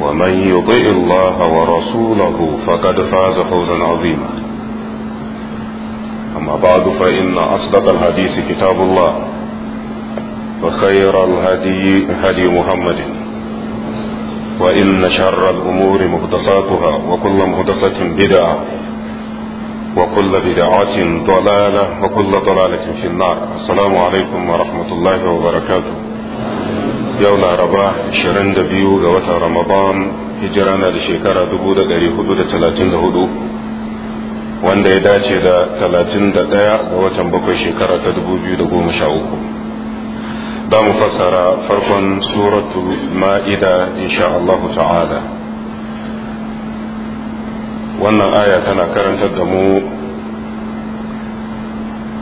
ومن يطع الله ورسوله فقد فاز فوزا عظيما أما بعد فإن أصدق الحديث كتاب الله وخير الهدي هدي محمد وإن شر الأمور مهدساتها وكل مهدسة بدعة وكل بدعة ضلالة وكل ضلالة في النار السلام عليكم ورحمة الله وبركاته yau laraba 22 ga watan ramadan hijira na da shekara 434 wanda ya dace da 31 ga watan bakwai shekara ta 2013 da mu fassara farkon suratu ma'ida insha Allah ta'ala wannan aya tana karantar da mu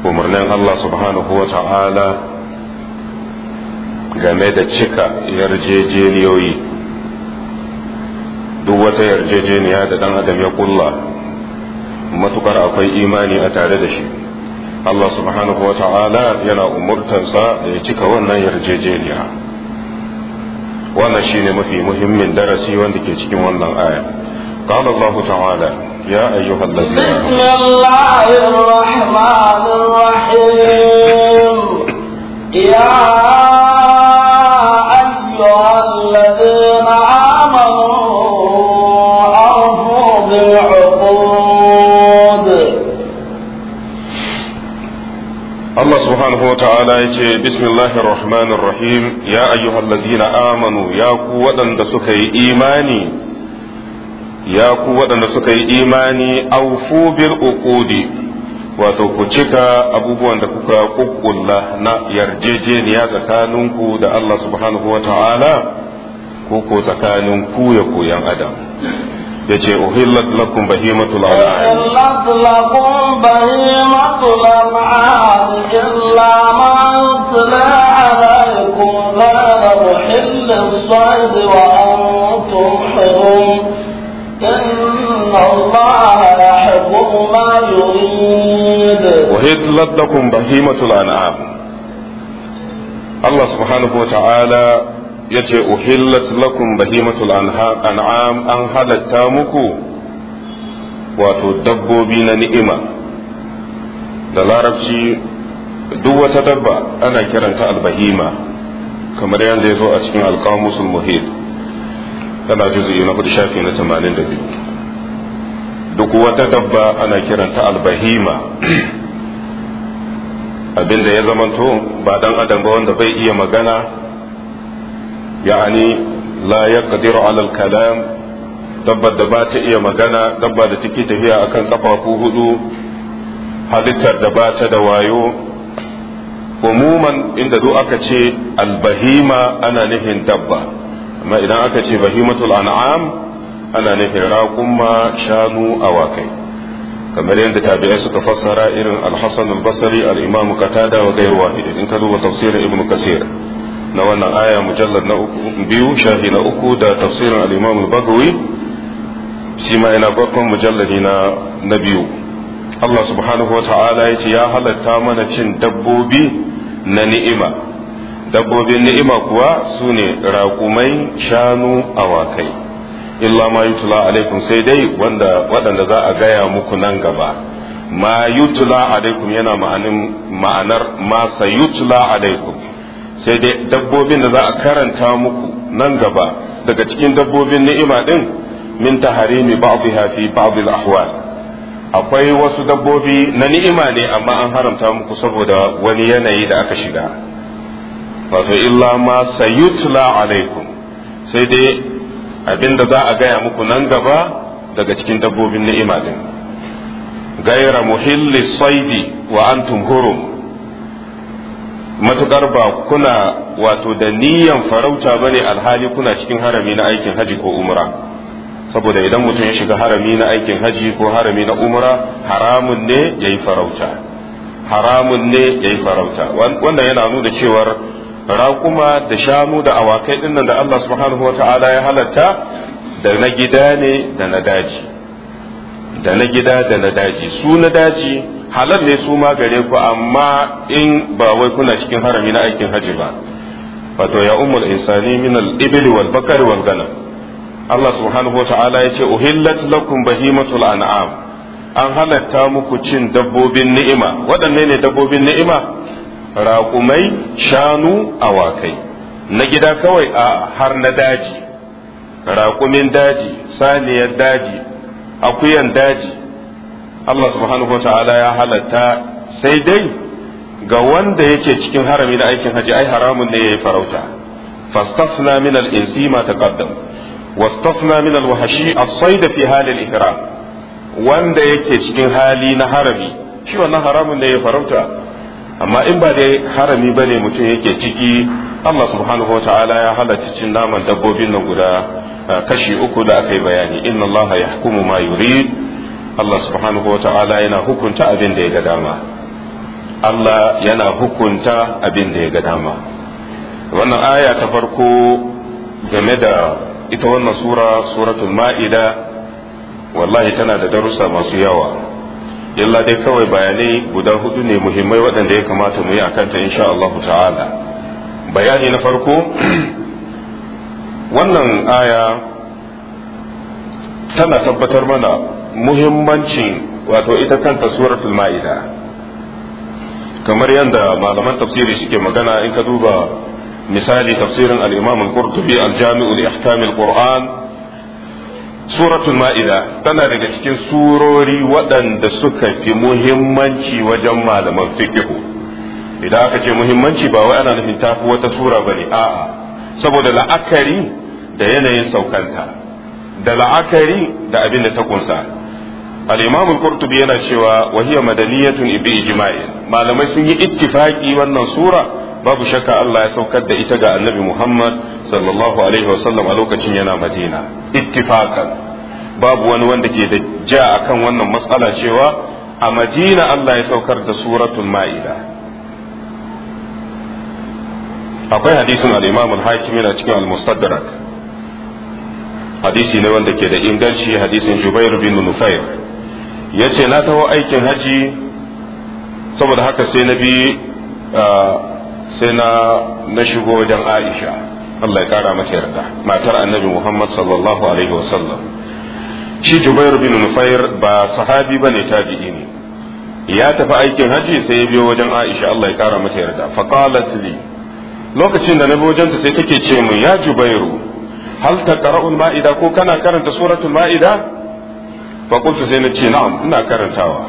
umarnin Allah subhanahu wa ta'ala game da cika yarjejeniyoyi duk wata yarjejeniya da dan adam ya kulla matukar akwai imani a tare da shi Allah subhanahu wa ta'ala yana umurtansa da ya cika wannan yarjejeniya wannan shine mafi muhimmin darasi wanda ke cikin wannan aya قال الله تعالى يا أيها الذين بسم الله الرحمن الرحيم wa ta'ala ya ce bismillahir ya rahim ya ayyuhallazina amanu ya ku waɗanda suka yi imani ya ku yi imani aufu bil uqudi wato ku cika abubuwan da kuka kukkulla na yarjejeniya tsakaninku da Allah subhanahu wa ta'ala ko ko tsakanin ku ya koyan adam ya ce uhillat lakum bahimatul an'am uhillat lakum bahimatul an'am illa ma yutla alaykum ghayra muhillis sayd wa antum hurum inna allaha yahkumu ma yurid uhillat lakum bahimatul an'am Allah subhanahu wa ta'ala yace uhillat lakum bahimatul an'am an halatta muku wato dabbobi na ni'ima da larabci duk wata dabba ana kiranta albahima kamar yadda ya zo a cikin alkamusul muhit tana juzuyi na hudu shafi na 82 duk wata dabba ana kiranta albahima abinda ya zamanto ba dan adam ba wanda bai iya magana yani la yaqdiru alal al-kalam dabbar da ba ta iya magana dabba da take tafiya akan kafafu hudu halittar da ba ta da wayo umuman inda duk aka ce albahima ana nufin dabba amma idan aka ce bahimatul an'am ana nufin raƙumma shanu awakai kamar yadda tabi'ai suka fassara irin al-hasan al-basri al-imam qatada wa ghayr duba tafsirin ibnu kasir na wannan aya mujallar na uku biyu shafi na uku da tafsirin al-imam al-bagawi shi ma yana bakon mujallari na na biyu Allah subhanahu wa ta'ala ya ya halatta mana cin dabbobi na ni'ima dabbobin ni'ima kuwa sune raƙumai shanu awakai illa ma yutla alaikum sai dai wanda waɗanda za a gaya muku nan gaba ma yutla alaikum yana ma'anar ma sayutla alaikum sai dai dabbobin da za a karanta muku nan gaba daga cikin dabbobin ni'ima din min taharimi ba'dha fi ba'd al-ahwal akwai wasu dabbobi na ni'ima ne amma an haramta muku saboda wani yanayi da aka shiga wato illa ma sayutla alaikum sai dai abinda za a gaya muku nan gaba daga cikin dabbobin ni'ima din gaira muhilli saidi wa antum hurum matukar ba kuna wato da niyan farauta bane alhali kuna cikin harami na aikin haji ko umra saboda idan mutum ya shiga harami na aikin haji ko harami na umra haramun ne yayi farauta haramun ne yayi farauta wannan yana nuna cewar raƙuma da shanu da awakai ɗinnan da Allah subhanahu wata'ala ya halatta da na gida ne da na daji da na gida da na daji su na daji halal ne su ma gare ku amma in ba wai kuna cikin harami na aikin haji ba wato ya ummul insani min al-ibli wal bakari wal ganam Allah subhanahu wa ta'ala ya ce uhillat lakum bahimatul an'am an halatta muku cin dabbobin ni'ima waɗanne ne dabbobin ni'ima raƙumai shanu awakai na gida kawai a har na daji raƙumin daji saniyar daji akuyan daji Allah subhanahu ta'ala ya halatta sai dai ga wanda yake cikin harami na aikin haji ai haramun ne yayi farauta fastasna min al-insi ma taqaddam wastasna min al-wahshi as-sayd fi hal al-ihram wanda yake cikin hali na harami shi wannan haramun ne yayi farauta amma in ba dai harami bane mutum yake ciki Allah subhanahu ta'ala ya halatta cin naman dabbobin nan guda ah, kashi uku da aka yi bayani inna Allah yahkumu ma yurid Allah subhanahu wa ta'ala yana hukunta abin da ya ga dama Allah yana hukunta abin da ya ga dama wannan aya ta farko game da ita wannan sura suratul ma'ida wallahi tana da darussa masu yawa illa dai kawai bayanai guda hudu ne muhimmai waɗanda ya kamata mu yi akan ta insha Allah ta'ala bayani na farko wannan aya tana tabbatar mana muhimmancin wato ita kanta suratul ma'ida kamar yadda malaman tafsiri suke magana in ka duba misali tafsirin al-imam al-qurtubi al-jami'u li al-qur'an suratul ma'ida tana daga cikin surori waɗanda suka fi muhimmanci wajen malaman fiqhu idan aka ce muhimmanci ba wai ana nufin tafi wata sura bane a'a saboda la'akari da yanayin saukanta da la'akari da abin da ta kunsa al-imam al-qurtubi yana cewa wa hiya madaniyatun bi ijma'in malamai sun yi ittifaki wannan sura babu shakka Allah ya saukar da ita ga annabi Muhammad sallallahu alaihi wasallam a lokacin yana Madina ittifakan babu wani wanda ke da ja akan wannan matsala cewa a Madina Allah ya saukar da suratul Ma'ida akwai hadisin al hakim yana cikin al hadisi ne wanda ke da inganci hadisin Jubair bin Nufair ya ce na taho aikin haji saboda haka sai na bi sai na shigo wajen aisha Allah ya kara mata yarda matar annabi Muhammad sallallahu alaihi wasallam shi Jubair bin Nufair ba sahabi bane tabi'i ne ya tafi aikin haji sai ya biyo wajen Aisha Allah ya kara mata yarda fa qalat li lokacin da na bi wajenta sai take ce min ya Jubairu hal taqra'ul ma'ida ko kana karanta suratul ma'ida fa sai na ce na'am ina karantawa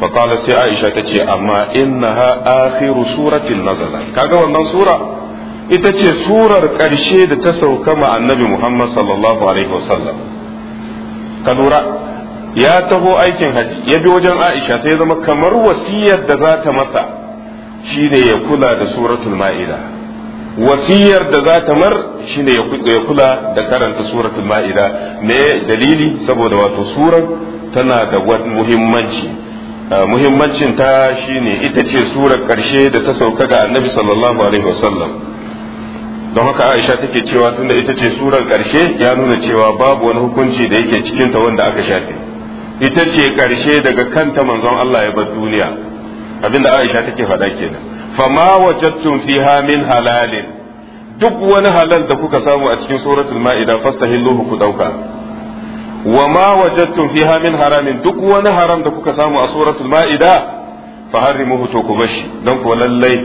fa qala sai Aisha ta ce amma innaha akhiru suratin nazala kaga wannan sura ita ce surar karshe da ta sauka ma annabi Muhammad sallallahu alaihi wasallam ka lura ya taho aikin hajji ya bi wajen Aisha sai zama kamar wasiyar da za ta masa shine ya kula da suratul ma'ida wasiyar da za ta mar shi ne ya kula da karanta surat ma'ida me dalili saboda wato surar tana da muhimmanci ah, muhimmancin ta ne ita ce surar karshe da ta sauka ga annabi sallallahu alaihi wasallam don haka aisha take cewa tunda ita ce surar karshe ya nuna cewa babu wani hukunci da yake cikin ta wanda aka shafe ita ce karshe daga kanta manzon Allah ya bar duniya abinda aisha take faɗa kenan fama wajadtum fiha min halalin duk wani halal da kuka samu a cikin suratul ma'ida fastahilluhu ku dauka wama ma wajadtum fiha min haramin duk wani haram da kuka samu a suratul ma'ida fa harrimuhu to ku bashi dan ku lallai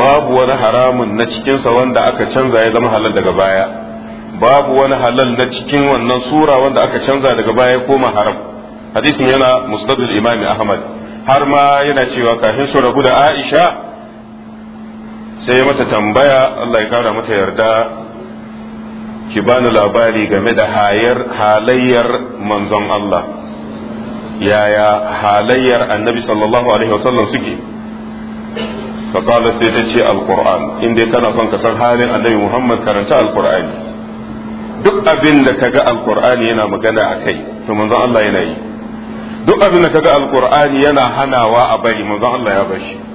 babu wani haramun na cikin sa wanda aka canza ya zama halal daga baya babu wani halal na cikin wannan sura wanda aka canza daga baya ya koma haram hadisin yana musnadul imami ahmad har ma yana cewa kafin su rabu da aisha sai mata tambaya Allah ya kara mata yarda ki bani labari game da hayar halayyar manzon Allah yaya halayyar annabi sallallahu alaihi wasallam suke faƙalar sai ta ce alƙur'an inda kana son ka san halin annabi muhammad karanta alƙur'ani duk abin da kaga alƙur'ani yana magana a kai to manzon Allah yana yi duk abin da kaga alƙur'ani yana hanawa a bari manzon Allah ya bashi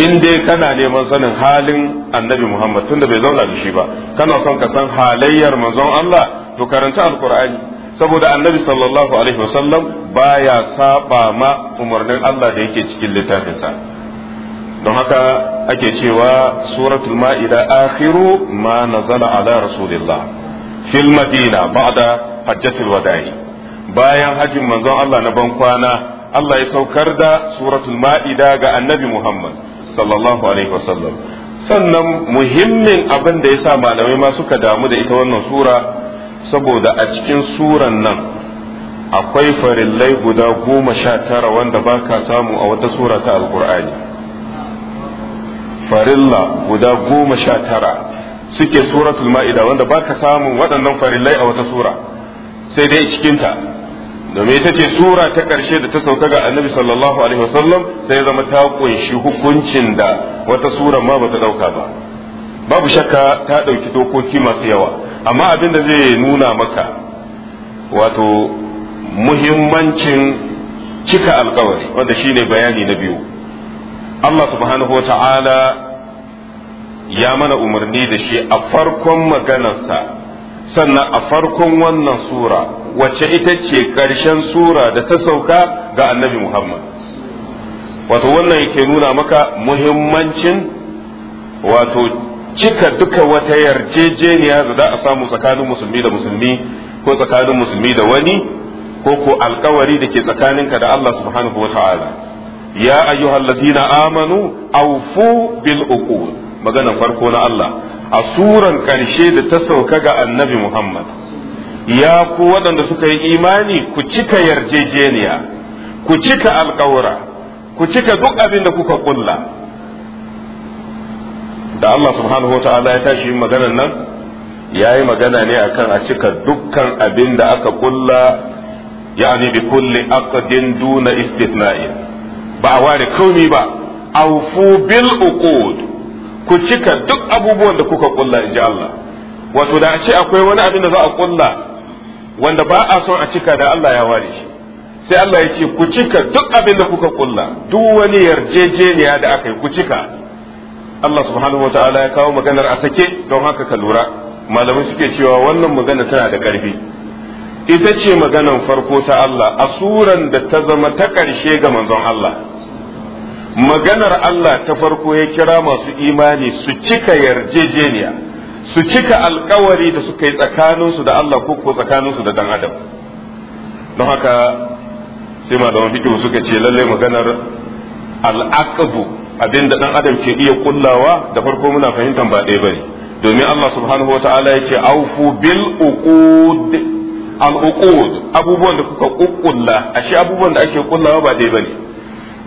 in dai kana neman sanin halin annabi Muhammad tunda bai zauna da shi ba kana son ka san halayyar manzon Allah to karanta alqur'ani saboda annabi sallallahu alaihi wasallam baya saba ma umarnin Allah da yake cikin littafinsa don haka ake cewa suratul ma'ida akhiru ma nazala ala rasulillah fil madina ba'da hajjatul wada'i bayan hajjin manzon Allah na ban kwana Allah ya saukar da suratul ma'ida ga annabi Muhammad sallallahu alaihi wasallam sannan muhimmin abin da yasa malamai ma suka damu da ita wannan sura saboda a cikin suran nan akwai farillai guda goma sha tara wanda ba ka samu a wata sura ta alkur'ani farilla guda goma sha tara suke suratul ma'ida wanda ba ka samun waɗannan farillai a wata sura sai dai cikinta domin ita ce sura ta ƙarshe da ta sauka ga annabi sallallahu alaihi wasallam sai zama ta kunshi hukuncin da wata sura ma bata ɗauka ba babu shakka ta ɗauki dokoki masu yawa amma abin da zai nuna maka wato muhimmancin cika alkawari wanda shine bayani na biyu Allah subhanahu wa ta'ala ya mana umarni da shi a farkon maganarsa sannan a farkon wannan sura wacce ita ce ƙarshen sura da ta sauka ga annabi Muhammad wato wannan yake nuna maka muhimmancin wato cika duka wata yarjejeniya da za a samu tsakanin musulmi da musulmi ko tsakanin musulmi da wani ko ko alkawari da ke tsakaninka da Allah subhanahu wa ta'ala ya ayyuhallazina amanu aufu bil uqud maganan farko na Allah a suran ƙarshe da ta sauka ga annabi Muhammad ya ku waɗanda suka yi imani ku cika yarjejeniya ku cika alƙawura ku cika duk abin da kuka kulla da Allah subhanahu wa ta'ala ya tashi maganar nan ya yi magana ne akan a cika dukkan abin da aka kulla yani bi kulli aqdin duna istithna'in ba ware kauni ba awfu bil uqud ku cika duk abubuwan da kuka kulla in ji Allah wato da a ce akwai wani abin da za a kulla wanda ba a son a cika da Allah ya ware shi sai Allah ya ce ku cika duk abin da kuka kulla duk wani yarjejeniya da aka yi ku cika Allah subhanahu wataala ya kawo maganar a sake don haka ka lura malamai suke cewa wannan magana tana da ƙarfi ita ce maganan farko ta Allah a suran da ta zama ta ƙarshe ga manzon Allah maganar Allah ta farko ya kira masu imani su cika yarjejeniya su cika alkawari da suka yi tsakaninsu da Allah ko ko tsakaninsu da dan adam don haka sai da fikihu suka ce lallai maganar al'aqabu abinda dan adam ke iya kullawa da farko muna fahimtar ba ɗaya bane domin Allah subhanahu wataala yake aufu bil uqud al uqud abubuwan da kuka kukkulla ashe abubuwan da ake kullawa ba ɗaya bane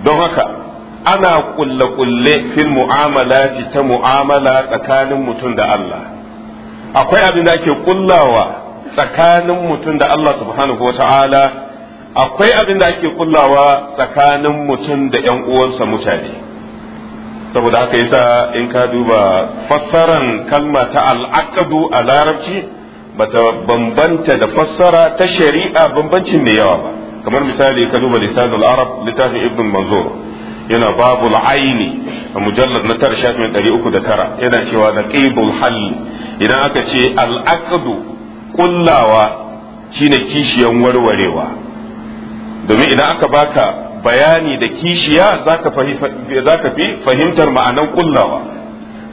don haka ana kulle-kulle fil mu'amalati ta mu'amala tsakanin mutum da Allah akwai abin da ake kullawa tsakanin mutum da Allah subhanahu wata'ala akwai abin da ake kullawa tsakanin mutum da ‘yan uwansa mutane saboda haka yasa in ka duba fassaran kalma ta al'aqdu a larabci ta bambanta da fassara ta shari'a bambancin mai yawa ba kamar misali ka duba lisanul arab littafin ibn manzur yana babu la'aini a mujallar na tara shafin ɗari uku da tara yana cewa da ƙibul halli idan aka ce al'aqdu kullawa shine kishiyan warwarewa domin idan aka baka bayani da kishiya zaka fi fahimtar ma'anan kullawa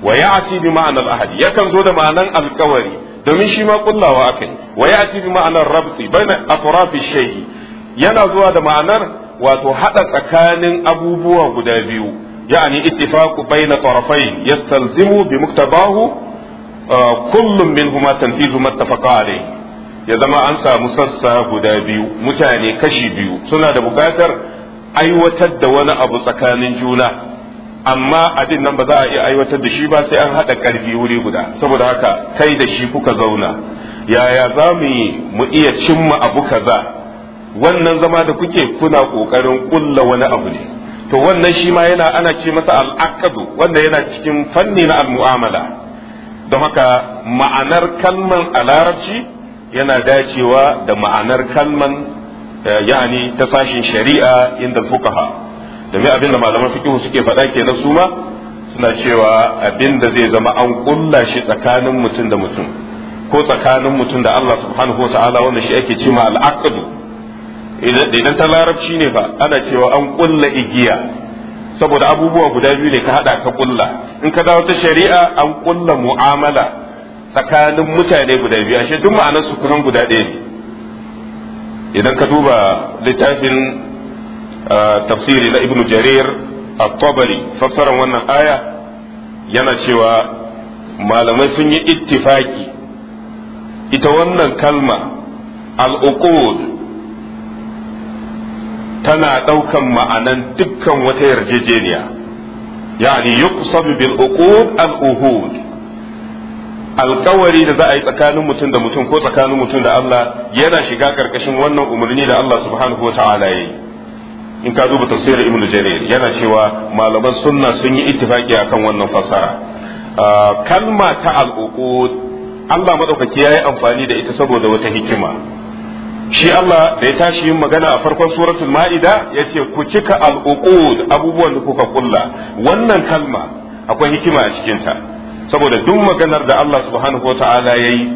wa ya'ti bi ma'anar ahadi yakan zo da ma'anan alkawari domin shi ma kullawa akai wa ya'ti bi ma'anar rabti baina atrafi shay'i yana zuwa da ma'anar wato hada tsakanin abubuwa guda biyu ya'ani ittifaqu bayna tarafayn yastalzimu bi muktabahu uh, kullum minhuma tanfizu mattafaqa ya zama an samu sassa guda biyu mutane kashi biyu suna da bukatar aiwatar da wani abu tsakanin juna amma abin nan ba za a iya aiwatar da shi ba sai an haɗa ƙarfi wuri guda saboda haka kai da shi kuka zauna yaya za mu mu iya cimma abu kaza wannan zama da kuke kuna kokarin kulla wani abu ne to wannan shi ma yana ana ce masa al'aqdu wanda yana cikin fanni na al'mu'amala don haka ma'anar kalman a yana dacewa da ma'anar kalman eh, yani ta sashin shari'a inda fukaha domin abinda malaman fikihu suke faɗa ke su suma suna cewa abinda zai zama an kulla shi tsakanin mutum da mutum ko tsakanin mutum da Allah subhanahu wa ta'ala wanda shi ake ce ma al'aqdu idan ta larabci ne fa ana cewa an kulla igiya saboda abubuwa guda biyu ne ka hada ka kulla in ka dawo ta shari'a an kulla mu'amala tsakanin mutane guda biyu ashe duk ma'anar su kusan guda ɗaya ne idan ka duba littafin tafsiri na ibnu jarir at-tabari fassarar wannan aya yana cewa malamai sun yi ittifaki ita wannan kalma al-uqud tana ɗaukan ma'anan dukkan wata yarjejeniya yani yuqsad bil uqud al uhud alkawari da za a yi tsakanin mutum da mutum ko tsakanin mutum da Allah yana shiga karkashin wannan umarni da Allah subhanahu wa ta'ala yayi in ka duba tafsirin ibnu jarir yana cewa malaman sunna sun yi ittifaki akan wannan fasara ah, kalma ta al uqud Allah madaukaki yayi amfani da ita saboda wata hikima shi Allah da ya tashi yin magana a farkon suratul ma'ida ce ku cika al abubuwan da kuka kulla wannan kalma akwai hikima a cikinta. saboda duk maganar da Allah subhanahu ya yi,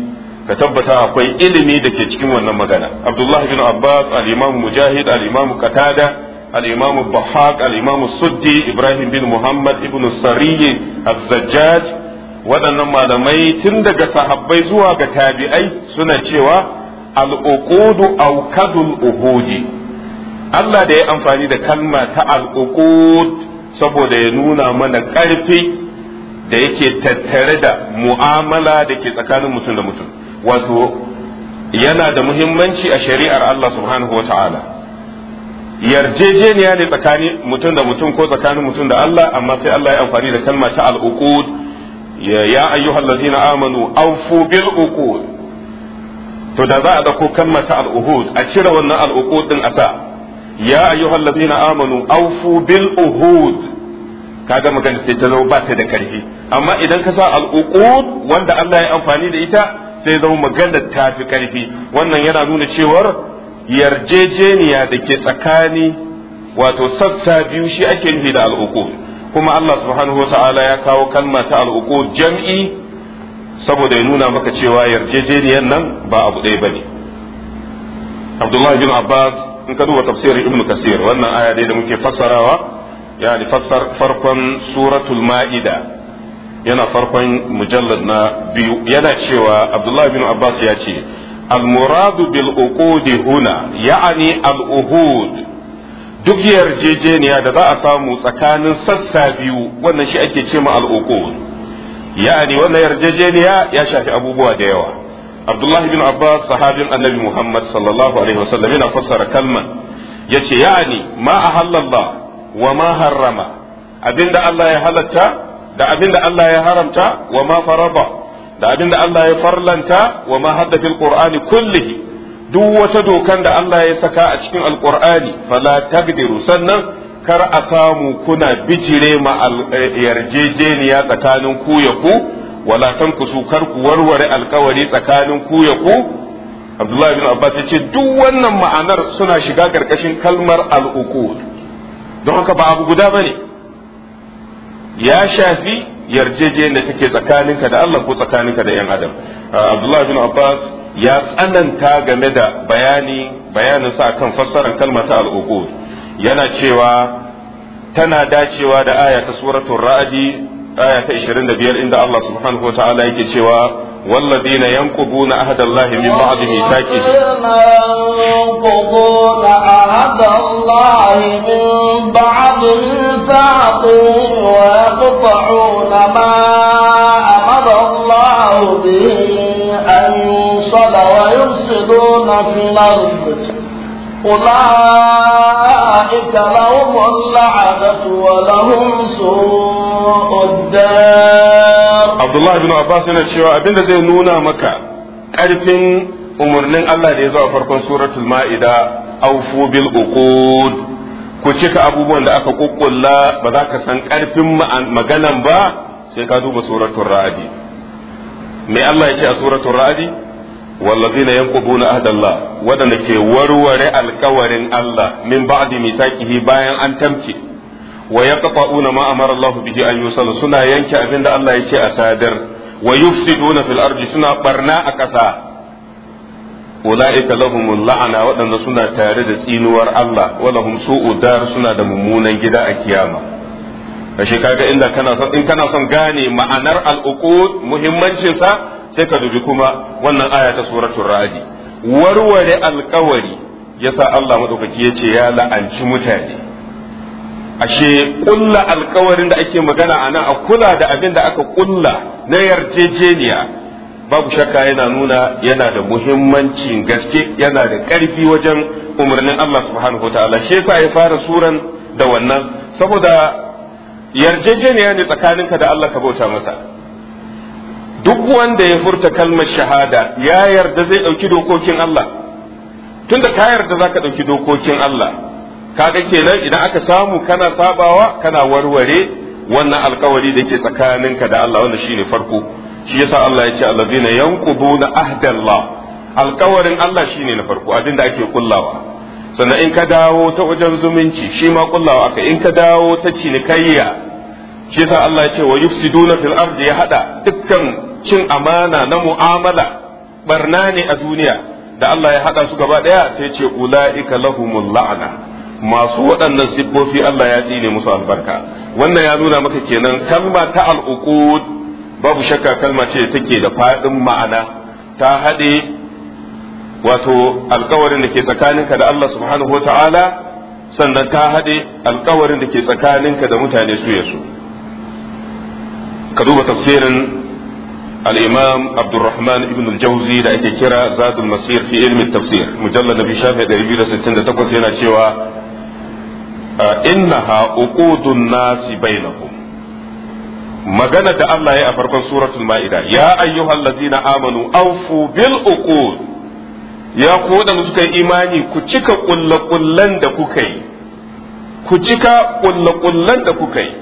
ka tabbata akwai ilimi da ke cikin wannan magana Abdullah bin Abbas al-Imam Mujahid al-Imam Qatada al-Imam Bahaq al-Imam Suddi Ibrahim bin Muhammad ibn Sariy az-Zajjaj waɗannan malamai tun daga sahabbai zuwa ga tabi'ai suna cewa al'uqudu aukadul uhuji Allah da ya amfani da kalma ta alukud saboda ya nuna mana ƙarfi da yake tattare da mu'amala da ke tsakanin mutum da mutum wato yana da muhimmanci a shari'ar Allah subhanahu wata'ala yarjejeniya ne tsakanin mutum da mutum ko tsakanin mutum da Allah amma sai Allah ya amfani da kalma ta al'uqud ya ayyuhallazina amanu awfu bil uqud to da za a dauko kammata al a cire wannan al ɗin din asa ya ayyuhal ladina amanu awfu bil uhud kaga magana sai ta zama ba ta da karfi amma idan ka sa al wanda Allah ya amfani da ita sai zama magana ta fi karfi wannan yana nuna cewar yarjejeniya da ke tsakani wato sassa biyu shi ake nufi da al kuma Allah subhanahu wa ta'ala ya kawo kalma ta al jam'i saboda ya nuna maka cewa yarjejeniyar nan ba abu ɗaya bane Abdullahi bin Abbas in ka duba tafsirin Ibn Kasir wannan aya dai da muke fassarawa yani fassar farkon suratul Ma'ida yana farkon mujallad na biyu yana cewa Abdullahi bin Abbas ya ce المراد huna ya'ani al-uhud. duk yarjejeniya da za a samu tsakanin sassa biyu wannan shi ake ce ma al'uqud ya'ani wannan yarjejeniya ya shafi abubuwa da yawa abdullahi bin abbas sahabin annabi muhammad sallallahu alaihi wasallam yana fassara kalman Ya ce ya'ani ma ahallallah wa ma harrama abinda Allah ya halatta da abinda Allah ya haramta wa ma faraba da abinda Allah ya farlanta wa ma hadda fil qur'ani duk wata dokan da Allah ya saka a cikin alqur'ani fala tagdiru sannan kar a samu kuna bijire ma eh, yarjejeniya tsakanin ku ya ku wala su kar ku warware alkawari tsakanin ku ya ku Abdullahi bin Abbas yace duk wannan ma'anar suna shiga karkashin kalmar al'uqud don haka ba abu guda bane ya shafi yarjejeniyar da take tsakaninka da Allah ko tsakaninka da yan adam ah, Abdullahi bin Abbas ya tsananta game da bayani bayanin sa akan fassarar kalmar ta al'uqud yana cewa tana dacewa da aya ta suratul ra'adi aya ta 25 inda Allah subhanahu wataala yake cewa والذين ينقضون عهد الله من بعد ميثاقه ينقضون عهد الله من بعد ميثاقه ويقطعون ما أمر الله به أن يوصل ويفسدون في الأرض أولئك أولئك لهم اللعنة ولهم سوء الدار عبد الله بن عباس yana cewa abinda zai nuna maka karfin umarnin Allah da ya zo a farkon suratul ma'ida aufu bil uqud ku cika abubuwan da aka kukkulla ba za ka san karfin maganan ba sai ka duba suratul ra'adi me Allah ya ce a suratul ra'adi والذين ينقضون عهد الله ودن كي ورور الكورن الله من بعد ميثاقه باين أن تمكي ويقطعون ما أمر الله به أن يوصل سنة ينكي أبن الله يكي أسادر ويفسدون في الأرض سنة برناء كسا أولئك لهم اللعنة ودن سنة تارد سينور الله ولهم سوء دار سنة دممونا جدا أكياما ashe kaga inda kana son in kana son gane ma'anar al'uqud muhimmancin sa sai ka dubi kuma wannan aya ta suratul radi warware alkawari yasa Allah madaukaki yace ya la'anci mutane ashe kulla alkawarin da ake magana ana a kula da abin da aka kulla na yarjejeniya babu shakka yana nuna yana da muhimmancin gaske yana da ƙarfi wajen umarnin Allah subhanahu wataala shi yasa ya fara suran da wannan saboda yarjejeniya ne tsakaninka da Allah ka bauta masa duk wanda ya furta kalmar shahada ya yarda zai ɗauki dokokin Allah tunda ka yarda za ka ɗauki dokokin Allah ka ga kenan idan aka samu kana sabawa kana warware wannan alkawari da ke tsakaninka da Allah wanda shine farko shi yasa Allah ya ce allazina na ahdallah alkawarin Allah shine na farko abinda ake kullawa sannan in ka dawo ta wajen zumunci shi ma kullawa aka in ka dawo ta cinikayya shi sa Allah ya ce wa yufsiduna fil ardi ya hada dukkan cin amana na mu'amala barna ne a duniya da Allah ya hada su gaba daya sai ce ulaika lahumul la'na masu waɗannan siffofi Allah ya tsine musu albarka wannan ya nuna maka kenan kalma ta al'uqud babu shakka kalma ce take da faɗin ma'ana ta haɗe wato alkawarin da ke tsakaninka da Allah subhanahu wata'ala sannan ka haɗe alkawarin da ke tsakaninka da mutane su yasu ka duba tafsirin alimam Abdulrahman Ibn al الجوزي da ake kira zadul masir fi ilmi tafsir mujallad nabi shafi 268 yana cewa ah, innaha uqudun nasi bainahum magana da Allah ya a farkon suratul ma'ida ya ayyuhallazina amanu awfu bil uqud ya ku waɗanda suka yi imani ku cika ƙullaƙullan da kuka yi ku cika ƙullaƙullan da kuka yi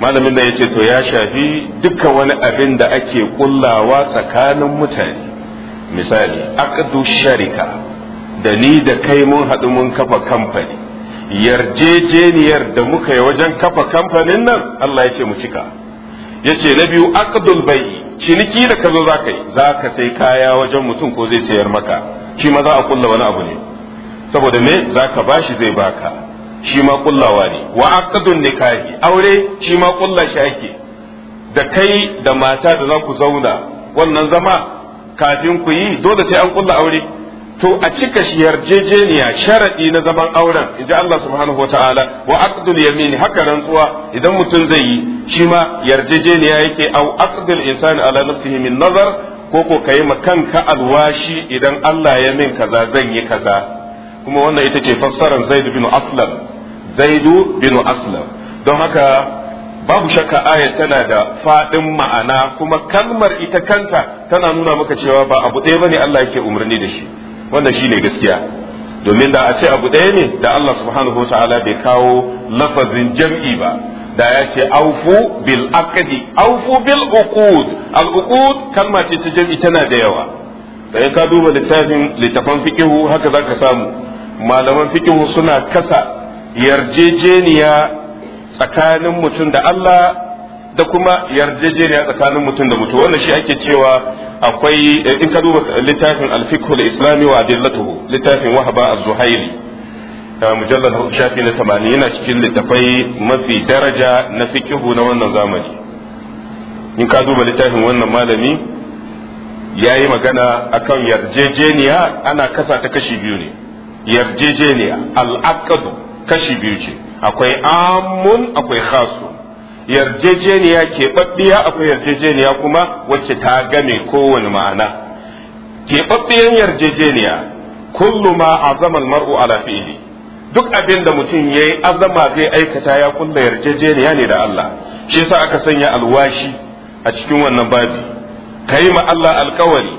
malamin da ya ce to ya shafi duka wani abin da ake ƙullawa tsakanin mutane misali aqdu sharika da ni da kai mun haɗu mun kafa kamfani yarjejeniyar da muka yi wajen kafa kamfanin nan Allah ya ce mu cika ya ce na biyu aqdul bai'i ciniki da ka zo za ka za ka sai kaya wajen mutum ko zai sayar maka shi ma za a kulla wani abu ne saboda me za ka bashi zai baka shi ma kullawa ne wa aqdun nikahi aure shi ma kulla shi ake da kai da mata da za ku zauna wannan zama kafin ku yi dole sai an kulla aure to a cika shi yarjejeniya sharadi na zaman auren inji Allah subhanahu wataala wa aqdul yamin haka rantsuwa idan mutum zai yi shi ma yarjejeniya yake au aqdul insani ala nafsihi min nazar ko ko kai ma kanka alwashi idan Allah ya min kaza zan yi kaza kuma wannan ita ce fassarar Zaid bin Aslam Zaid bin Aslam don haka babu shakka aya tana da fadin ma'ana kuma kalmar ita kanta tana nuna maka cewa ba abu ɗaya bane Allah yake umarni da shi wannan shine gaskiya domin da a ce abu ɗaya ne da Allah subhanahu ta'ala bai kawo lafazin jam'i ba da ya ce aufu bil aqdi aufu bil uqud al uqud kalma ce ta jam'i tana da yawa da in ka duba littafin littafan fiqhu haka zaka samu malaman fiqhu suna kasa yarjejeniya tsakanin mutum da Allah da kuma yarjejeniya tsakanin mutum da mutum wannan shi ake cewa akwai eh, in ka duba littafin al-fiqh al-islami wa adillatuhu littafin wahaba az zuhairi eh, mujallad shafi na 80 yana cikin littafai mafi daraja na fikihu na wannan zamani in ka duba littafin wannan malami yayi magana akan yarjejeniya ana kasa ta kashi biyu ne yarjejeniya al kashi biyu ce akwai amun akwai khasu yarjejeniya keɓaɓɓiya akwai yarjejeniya kuma wacce ta game kowane ma'ana keɓaɓɓiyan yarjejeniya kullu ma azama almar'u ala fi'li duk abin da mutum yayi azama zai aikata ya kulla yarjejeniya ne da Allah shi yasa aka sanya alwashi a cikin wannan babi kai ma Allah alkawari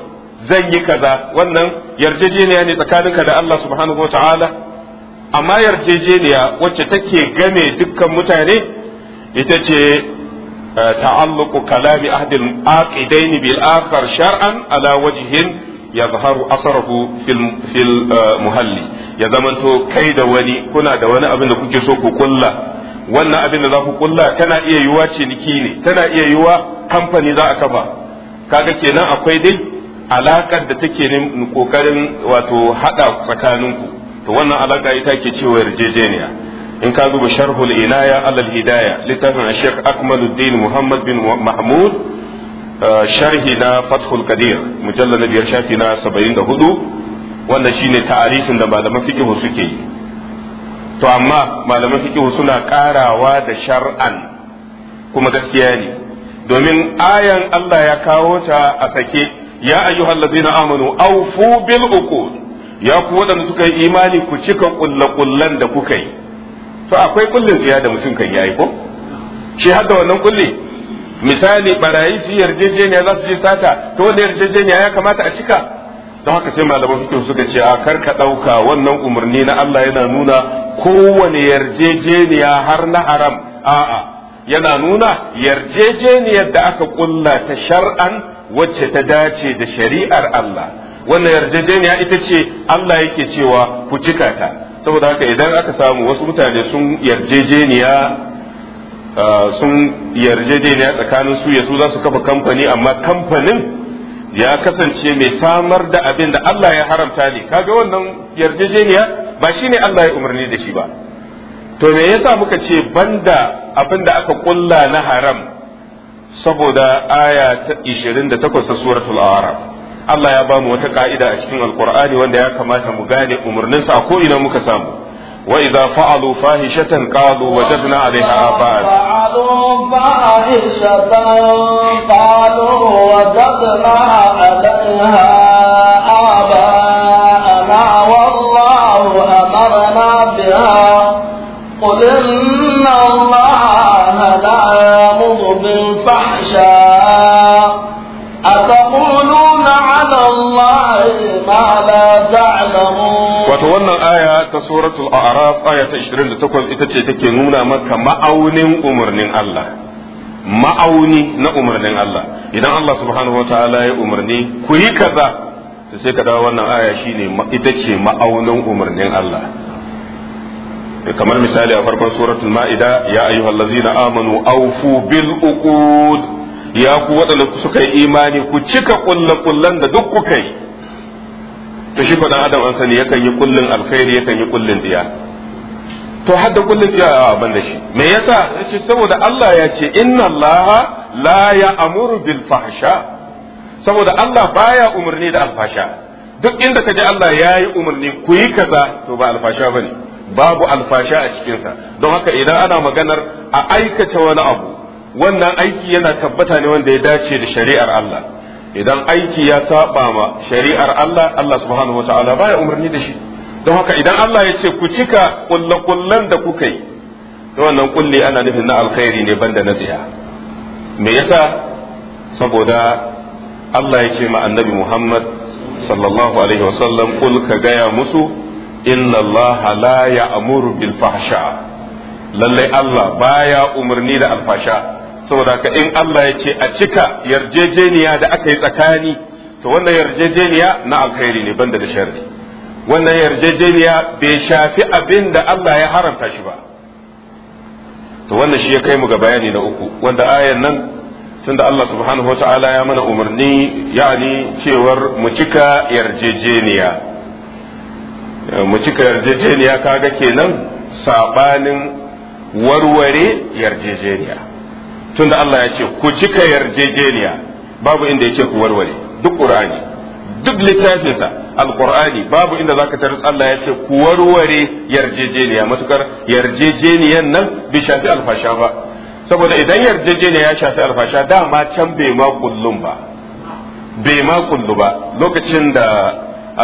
zan yi kaza wannan yarjejeniya ne tsakaninka da Allah subhanahu wataala amma yarjejeniya wacce take game dukkan mutane ita ce eh, ta'alluqu kalami ahdil aqidaini bil akhar shar'an ala wajhin yadhharu asarahu fil fil eh, muhalli ya zamanto kai da wani kuna da wani abin da kuke so ku kulla wannan abin da za ku kulla tana iya yiwa ciniki ne tana iya yiwa kamfani za a kafa kaga kenan akwai dai alakar da take kokarin wato hada tsakaninku to wannan alaka ita ke cewa yarjejeniya in ka duba sharhul inaya alal hidaya littafin Sheikh Akmaluddin Muhammad bin Mahmud sharhi na Fathul Kadir mujallal na biyar shafi na 74 wannan shine ta'arifin da malaman fiqh suke yi to amma malaman fiqh suna karawa da shar'an kuma gaskiya ne domin ayan Allah ya kawo ta a sake ya ayyuhallazina amanu awfu bil uqud ya ku waɗanda suka yi imani ku cika kullakullan da kuka yi to akwai kullin siya da mutum kan yayi ko shi hadda wannan kulli misali barayi su yarjejeniya za su je sata to wanda yarjejeniya ya kamata a cika don haka sai malaman fikin suka ce a kar ka ɗauka wannan umarni na Allah yana nuna kowane yarjejeniya har na haram a'a yana nuna yarjejeniyar da aka kulla ta shar'an wacce ta dace da shari'ar Allah wannan yarjejeniya ita ce Allah yake cewa ku cika ta saboda haka idan aka samu wasu mutane sun yarjejeniya sun yarjejeniya tsakanin su yasu za su kafa kamfani amma kamfanin ya kasance mai samar da abin da Allah ya haramta ne kaga wannan yarjejeniya ba shine Allah ya umarni da shi ba to me yasa muka ce banda abin da aka kulla na haram saboda aya ta 28 ta suratul a'raf Allah ya bamu wata ka'ida a cikin alkur'ani wanda ya kamata mu gane umarninsa sa ko ina muka samu wa idza fa'alu fahishatan qalu wajadna 'alayha aba'an fa'alu fahishatan qalu wajadna 'alayha aba'ana wallahu amarna biha qul wannan aya ta suratul a'raf aya ta 28 ita ce take nuna maka ma'aunin umarnin Allah ma'auni na umarnin Allah idan Allah subhanahu wataala ya umarni ku yi kaza to sai ka dawo wannan aya shine ita ce ma'aunin umarnin Allah kamar misali a farkon suratul ma'ida ya ayyuhallazina amanu awfu bil uqud ya ku waɗanda suka yi imani ku cika kullakullan da duk kuka yi to shi dan adam an sani yakan yi kullun alkhairi yakan yi kullun tsiya to hadda da kullun tsiya a ban da shi me yasa yace saboda Allah ya ce inna Allah la amuru bil fahsha saboda Allah baya umarni da alfasha duk inda ka ji Allah ya yi umarni ku yi kaza to ba alfasha ne. babu alfasha a cikinsa don haka idan ana maganar a aikata wani abu wannan aiki yana tabbata ne wanda ya dace da shari'ar Allah idan aiki ya saba ma shari'ar Allah Allah subhanahu wa ta'ala baya umarni da shi don haka idan Allah ya ce ku cika kullakullan da kuka yi da wannan kulli ana nufin na alkhairi ne banda na tsiya me yasa saboda Allah ya ce ma annabi Muhammad sallallahu alaihi wa sallam kul ka gaya musu inna Allah la ya'muru bil fahsha lallai Allah baya umarni da alfasha saboda ka in Allah ya ce a cika yarjejeniya da aka yi tsakani to wannan yarjejeniya na alkhairi ne banda da sharri wannan yarjejeniya bai shafi abin da Allah ya haramta shi ba to wannan shi ya kai mu ga bayani na uku wanda ayan nan tunda Allah subhanahu wata'ala ya mana umarni yani cewar mu cika yarjejeniya mu cika yarjejeniya kaga kenan sabanin warware yarjejeniya tunda Allah ya ce ku ka yarjejeniya babu inda ya ku warware duk qur'ani duk littafinsa alqur'ani babu inda zaka tarar Allah ya ce ku warware yarjejeniya matukar yarjejeniyan nan bi shafi alfasha ba saboda idan yarjejeniya ya shafi alfasha dama can bai ma kullum ba bai ma kullu ba lokacin da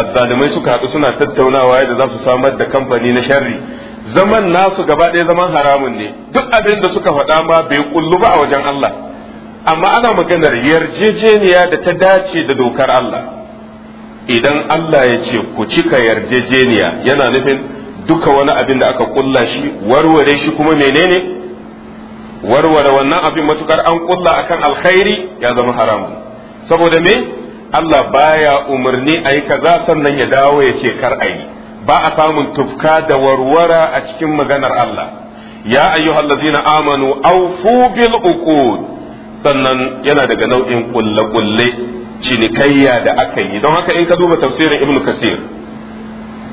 azzalumai suka haɗu suna tattaunawa yadda za su samar da kamfani na sharri zaman nasu gaba ɗaya zaman haramun ne duk abin da suka faɗa ma bai kullu ba a wajen Allah amma ana maganar yarjejeniya da ta dace da dokar Allah idan Allah ya ce ku cika yarjejeniya yana nufin duka wani abin da aka kulla shi warware shi kuma menene warware wannan abin matukar an kulla akan alkhairi ya zama haramun saboda me Allah baya umarni a yi kaza sannan ya dawo ya ce kar a yi ba a samun tufka da warwara a cikin maganar Allah ya ayyuhal ladzina amanu awfu bil uqud sannan yana daga nau'in kulle kulle cinikayya da aka yi don haka in ka duba tafsirin ibnu kasir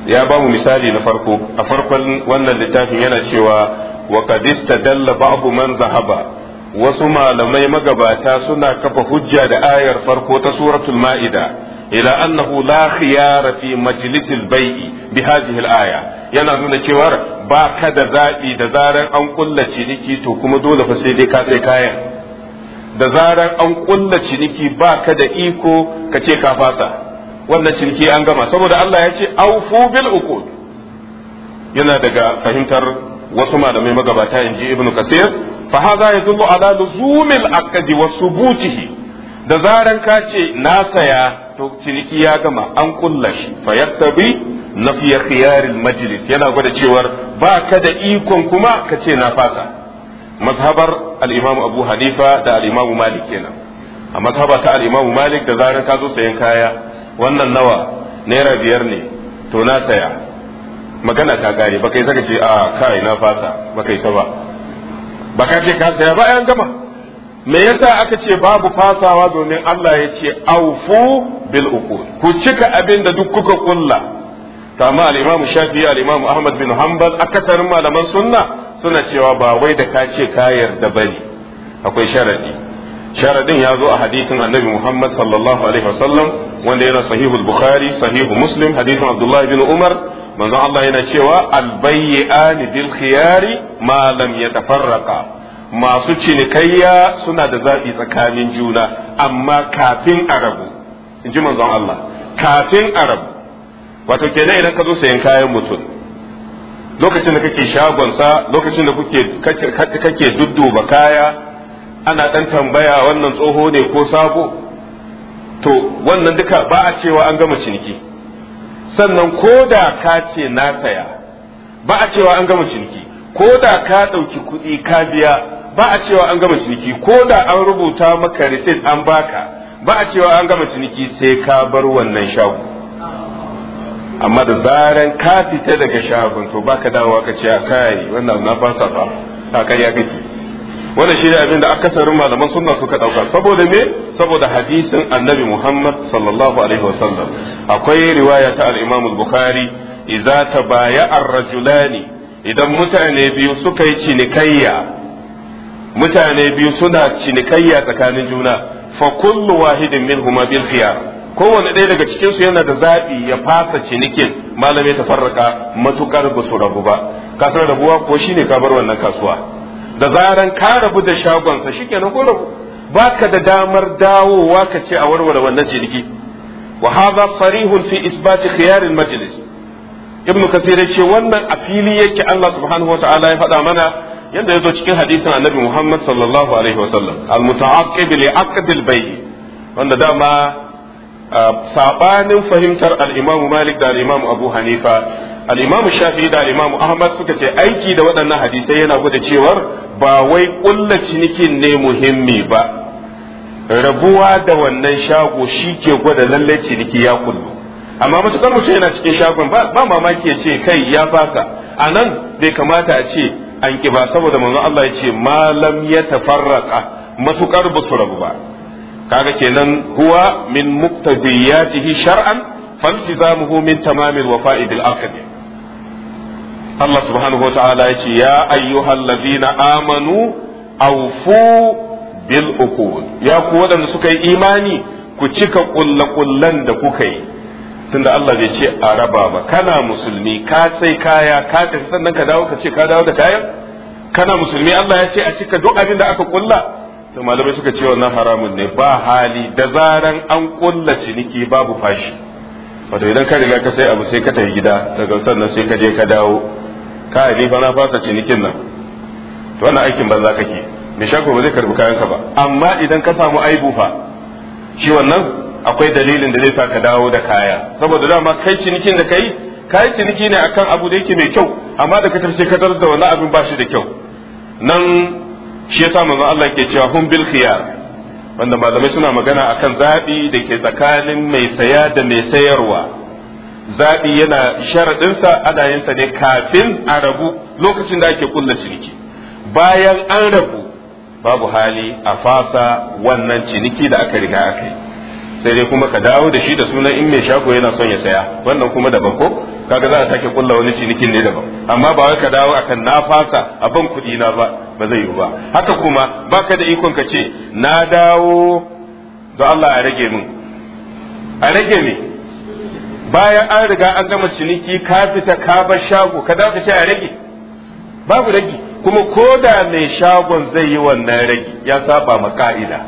ya ba mu misali na farko a farkon wannan littafin yana cewa wa qad istadalla ba'du man zahaba wasu malamai magabata suna kafa hujja da ayar farko ta suratul ma'ida ila annahu la rafi fi bai'i bi hadhihi aya yana nuna cewar ba ka da zaɓi da zaran an ƙulla ciniki to kuma dole fa dai ka sai kayan da zaran an ƙulla ciniki ba ka da iko ka ce ka fasa wannan ciniki an gama saboda Allah ya ce aufu bil uqud yana daga fahimtar wasu malamai magabata inji ibnu kasir fa hadha yadullu ala luzumil aqdi wasu subutihi da zaran ka ce na saya to ciniki ya gama an kulla shi fa yaktabi nafiya khiyarin majlis yana gwada cewar ba ka da ikon kuma ka ce na fasa mazhabar al'imamu abu hanifa da Al'imamu malik kenan a mazhaba ta Al'imamu malik da zarar ka zo sayan kaya wannan nawa naira biyar ne to na saya magana ta gare baka yi zaka ce a kai na fasa baka yi ta ba baka ce ka saya ba gama me yasa aka ce babu fasawa domin Allah ya ce aufu bil uqud ku cika abin da duk kuka kulla kama al-imam Shafi'i al-imam Ahmad bin Hanbal akasarin malaman sunna suna cewa ba wai da ka ce ka yarda bane akwai sharadi sharadin ya zo a hadisin annabi Muhammad sallallahu alaihi wasallam wanda yana sahihul Bukhari sahihu Muslim hadisin Abdullah bin Umar manzon Allah yana cewa al-bay'ani bil khiyari ma lam yatafarraqa masu cinikayya suna da zaɓi tsakanin juna amma kafin arabu. in ji manzon Allah kafin arabu. wato kenan idan ka zo sayan kayan mutum lokacin da kake shagonsa lokacin da kuke kake dudduba kaya ana ɗan tambaya wannan tsoho ne ko sabo to wannan duka ba a cewa an gama ciniki sannan ko da ka ce na saya ba a cewa an gama ciniki ko da ka ɗauki kuɗi ka biya ba a cewa an gama ciniki ko da an rubuta maka receipt an baka ba a cewa an gama ciniki sai ka bar wannan shago amma da zaran ka fita daga shagon to baka dawowa ka ce ah, kai wannan na fasa ba ta kai ya kake wannan shi ne abin da akasarin malaman sunna suka dauka saboda me saboda hadisin annabi Muhammad sallallahu alaihi wasallam akwai riwaya ta al-Imam al-Bukhari idza tabaya'a ar-rajulani idan mutane biyu suka yi cinikayya mutane biyu suna cinikayya tsakanin juna fa kullu wahidin minhuma bil khiyar kowanne ɗaya daga cikin su yana da zaɓi ya fasa cinikin malamai ta farraka matukar ba su rabu ba ka san rabuwa ko shine ka bar wannan kasuwa da zaran ka rabu da shagon sa shikenan ko rabu baka da damar dawowa ka ce a warware wannan ciniki wa hadha sarihun fi isbat khiyar al majlis ibnu kasir ya ce wannan a fili yake Allah subhanahu wa ta'ala ya faɗa mana yanda ya zo cikin hadisin annabi Muhammad sallallahu alaihi wasallam al-muta'aqqib li aqdil bay'i wanda dama sabanin fahimtar al-Imam Malik da al-Imam Abu Hanifa al-Imam Shafi'i da al-Imam Ahmad suka ce aiki da waɗannan hadisai yana gwada cewar ba wai ƙulla cinikin ne muhimmi ba rabuwa da wannan shago shi ke gwada lallai ciniki ya kullu amma matuƙar mutum yana cikin shagon ba mamaki ya ce kai ya fasa a nan bai kamata a ce an ki ba saboda manzon Allah ya ce malam ya tafarraqa matuƙar ba su rabu ba kaga kenan huwa min muqtadiyatihi shar'an faltizamuhu min tamamil wafa'i bil aqd Allah subhanahu wa ya ce ya ayyuhallazina amanu awfu bil uqud ya ku waɗanda suka yi imani ku cika kullakullan da kuka yi tunda Allah bai ce a raba ba kana musulmi ka sai kaya ka tafi sannan ka dawo ka ce ka dawo da kayan kana musulmi Allah ya ce a cika duk abin da aka kulla to malamai suka ce wannan haramun ne ba hali da zaran an kulla ciniki babu fashi wato idan ka riga ka sai abu sai ka tafi gida daga sannan sai ka je ka dawo ka ni fa na fasa cinikin nan to wannan aikin banza kake mai shago ba zai karbi kayan ka ba amma idan ka samu aibu fa shi wannan akwai dalilin da zai sa ka dawo da kaya saboda dama kai cinikin da kai kai ciniki ne akan abu da yake mai kyau amma da ka tarshe ka da wani abin ba shi da kyau nan shi yasa manzon Allah ke cewa hum bil khiyar wanda malamai suna magana akan zabi da ke tsakanin mai saya da mai sayarwa zabi yana sharaɗinsa ana yin sa ne kafin a rabu lokacin da ake kulla ciniki bayan an rabu babu hali a fasa wannan ciniki da aka riga aka yi sai dai kuma ka dawo da shi da sunan in mai shago yana son ya saya wannan kuma daban ko kaga za a sake kulla wani cinikin ne daban amma ba wai ka dawo akan na fasa a ban kuɗi na ba ba zai yiwu ba haka kuma baka da ikon ka ce na dawo don Allah a rage min a rage ne bayan an riga an gama ciniki ka fita ka bar shago ka dawo ka ce a rage babu rage kuma ko da mai shagon zai yi wannan rage ya saba ma ka'ida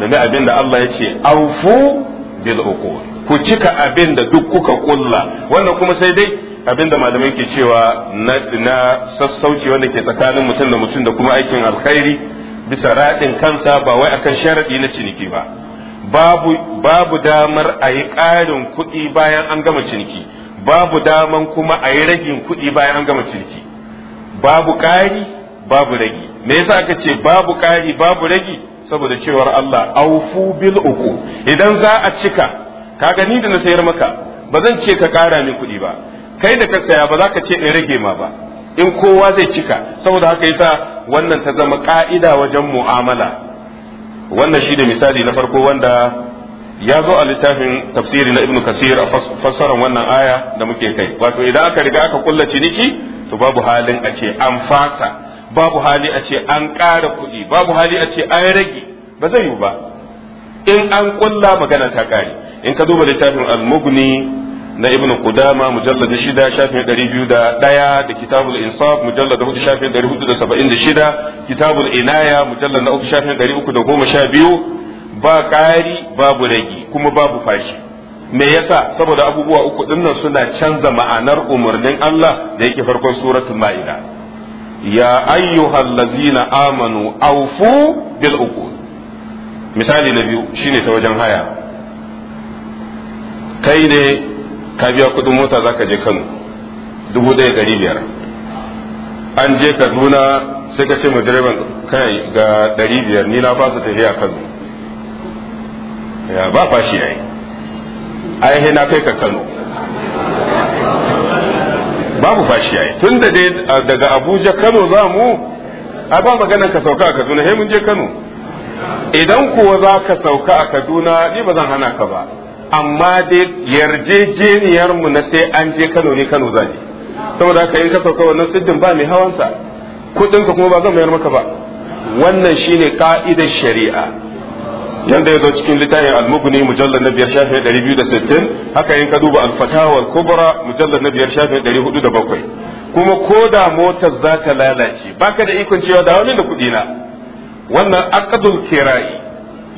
domin abin da Allah ya ce aufu bil uqud ku cika abin da duk kuka kulla wannan kuma sai dai abin da malamai ke cewa na sassauci wanda ke tsakanin mutum da mutum da kuma aikin alkhairi bisa raɗin kansa ba wai akan sharaɗi na ciniki ba babu babu damar a yi ƙarin kuɗi bayan an gama ciniki babu daman kuma a yi ragin kuɗi bayan an gama ciniki babu ƙari babu ragi me yasa aka ce babu ƙari babu ragi saboda cewar Allah aufu bil uku idan za a cika ka gani da na sayar maka ba zan ce ka kara min kuɗi ba kai da ka saya ba za ka ce in rage ma ba in kowa zai cika saboda haka yasa wannan ta zama ƙa'ida wajen mu'amala wannan shi da misali na farko wanda ya zo a littafin tafsiri na ibnu kasir a fassarar wannan aya da muke kai wato idan aka riga aka kulla ciniki to babu halin a ce an fasa babu hali a ce an ƙara kuɗi babu hali a ce an rage ba zai yi ba in an ƙulla magana ta ƙare in ka duba littafin al-mughni na ibn qudama mujallad shida shafin ɗari biyu da ɗaya da kitabul insaf mujallad 4 shafin ɗari da saba'in da shida kitabul inaya mujallad na 3 shafin ɗari uku da goma sha biyu ba ƙari babu rage kuma babu fashi me yasa saboda abubuwa uku dinnan suna canza ma'anar umarnin Allah da yake farkon suratul ma'ida ya ayyuhal lazina amanu aufu bil uqud misali na biyu shine ta wajen haya kai ne ka biya kudin mota za ka je Kano dubu ɗaya dari biyar an je Kaduna sai ka ce mu direban kai ga dari biyar ni na fasa tafiya Kano ya ba fashi yayi ai na kai ka Kano babu bashi yayi tun da dai daga Abuja Kano za mu a ba maganar ka sauka a Kaduna sai mun je Kano idan kuwa za ka sauka a Kaduna ni ba zan hana ka ba amma dai yarjejeniyar mu na sai an je Kano ne Kano za ne saboda haka in ka sauka wannan siddin ba mai hawansa kudin ka kuma ba zan mayar maka ba wannan shine ka'idar shari'a yanda ya zo cikin littafin al-mughni mujallad na biyar shafi ɗari biyu da sittin haka in ka duba al-fatawa al-kubra mujallad na biyar shafi ɗari hudu da bakwai kuma ko da motar za ta lalace baka da ikon cewa da wani da kuɗi na wannan aqdul kira'i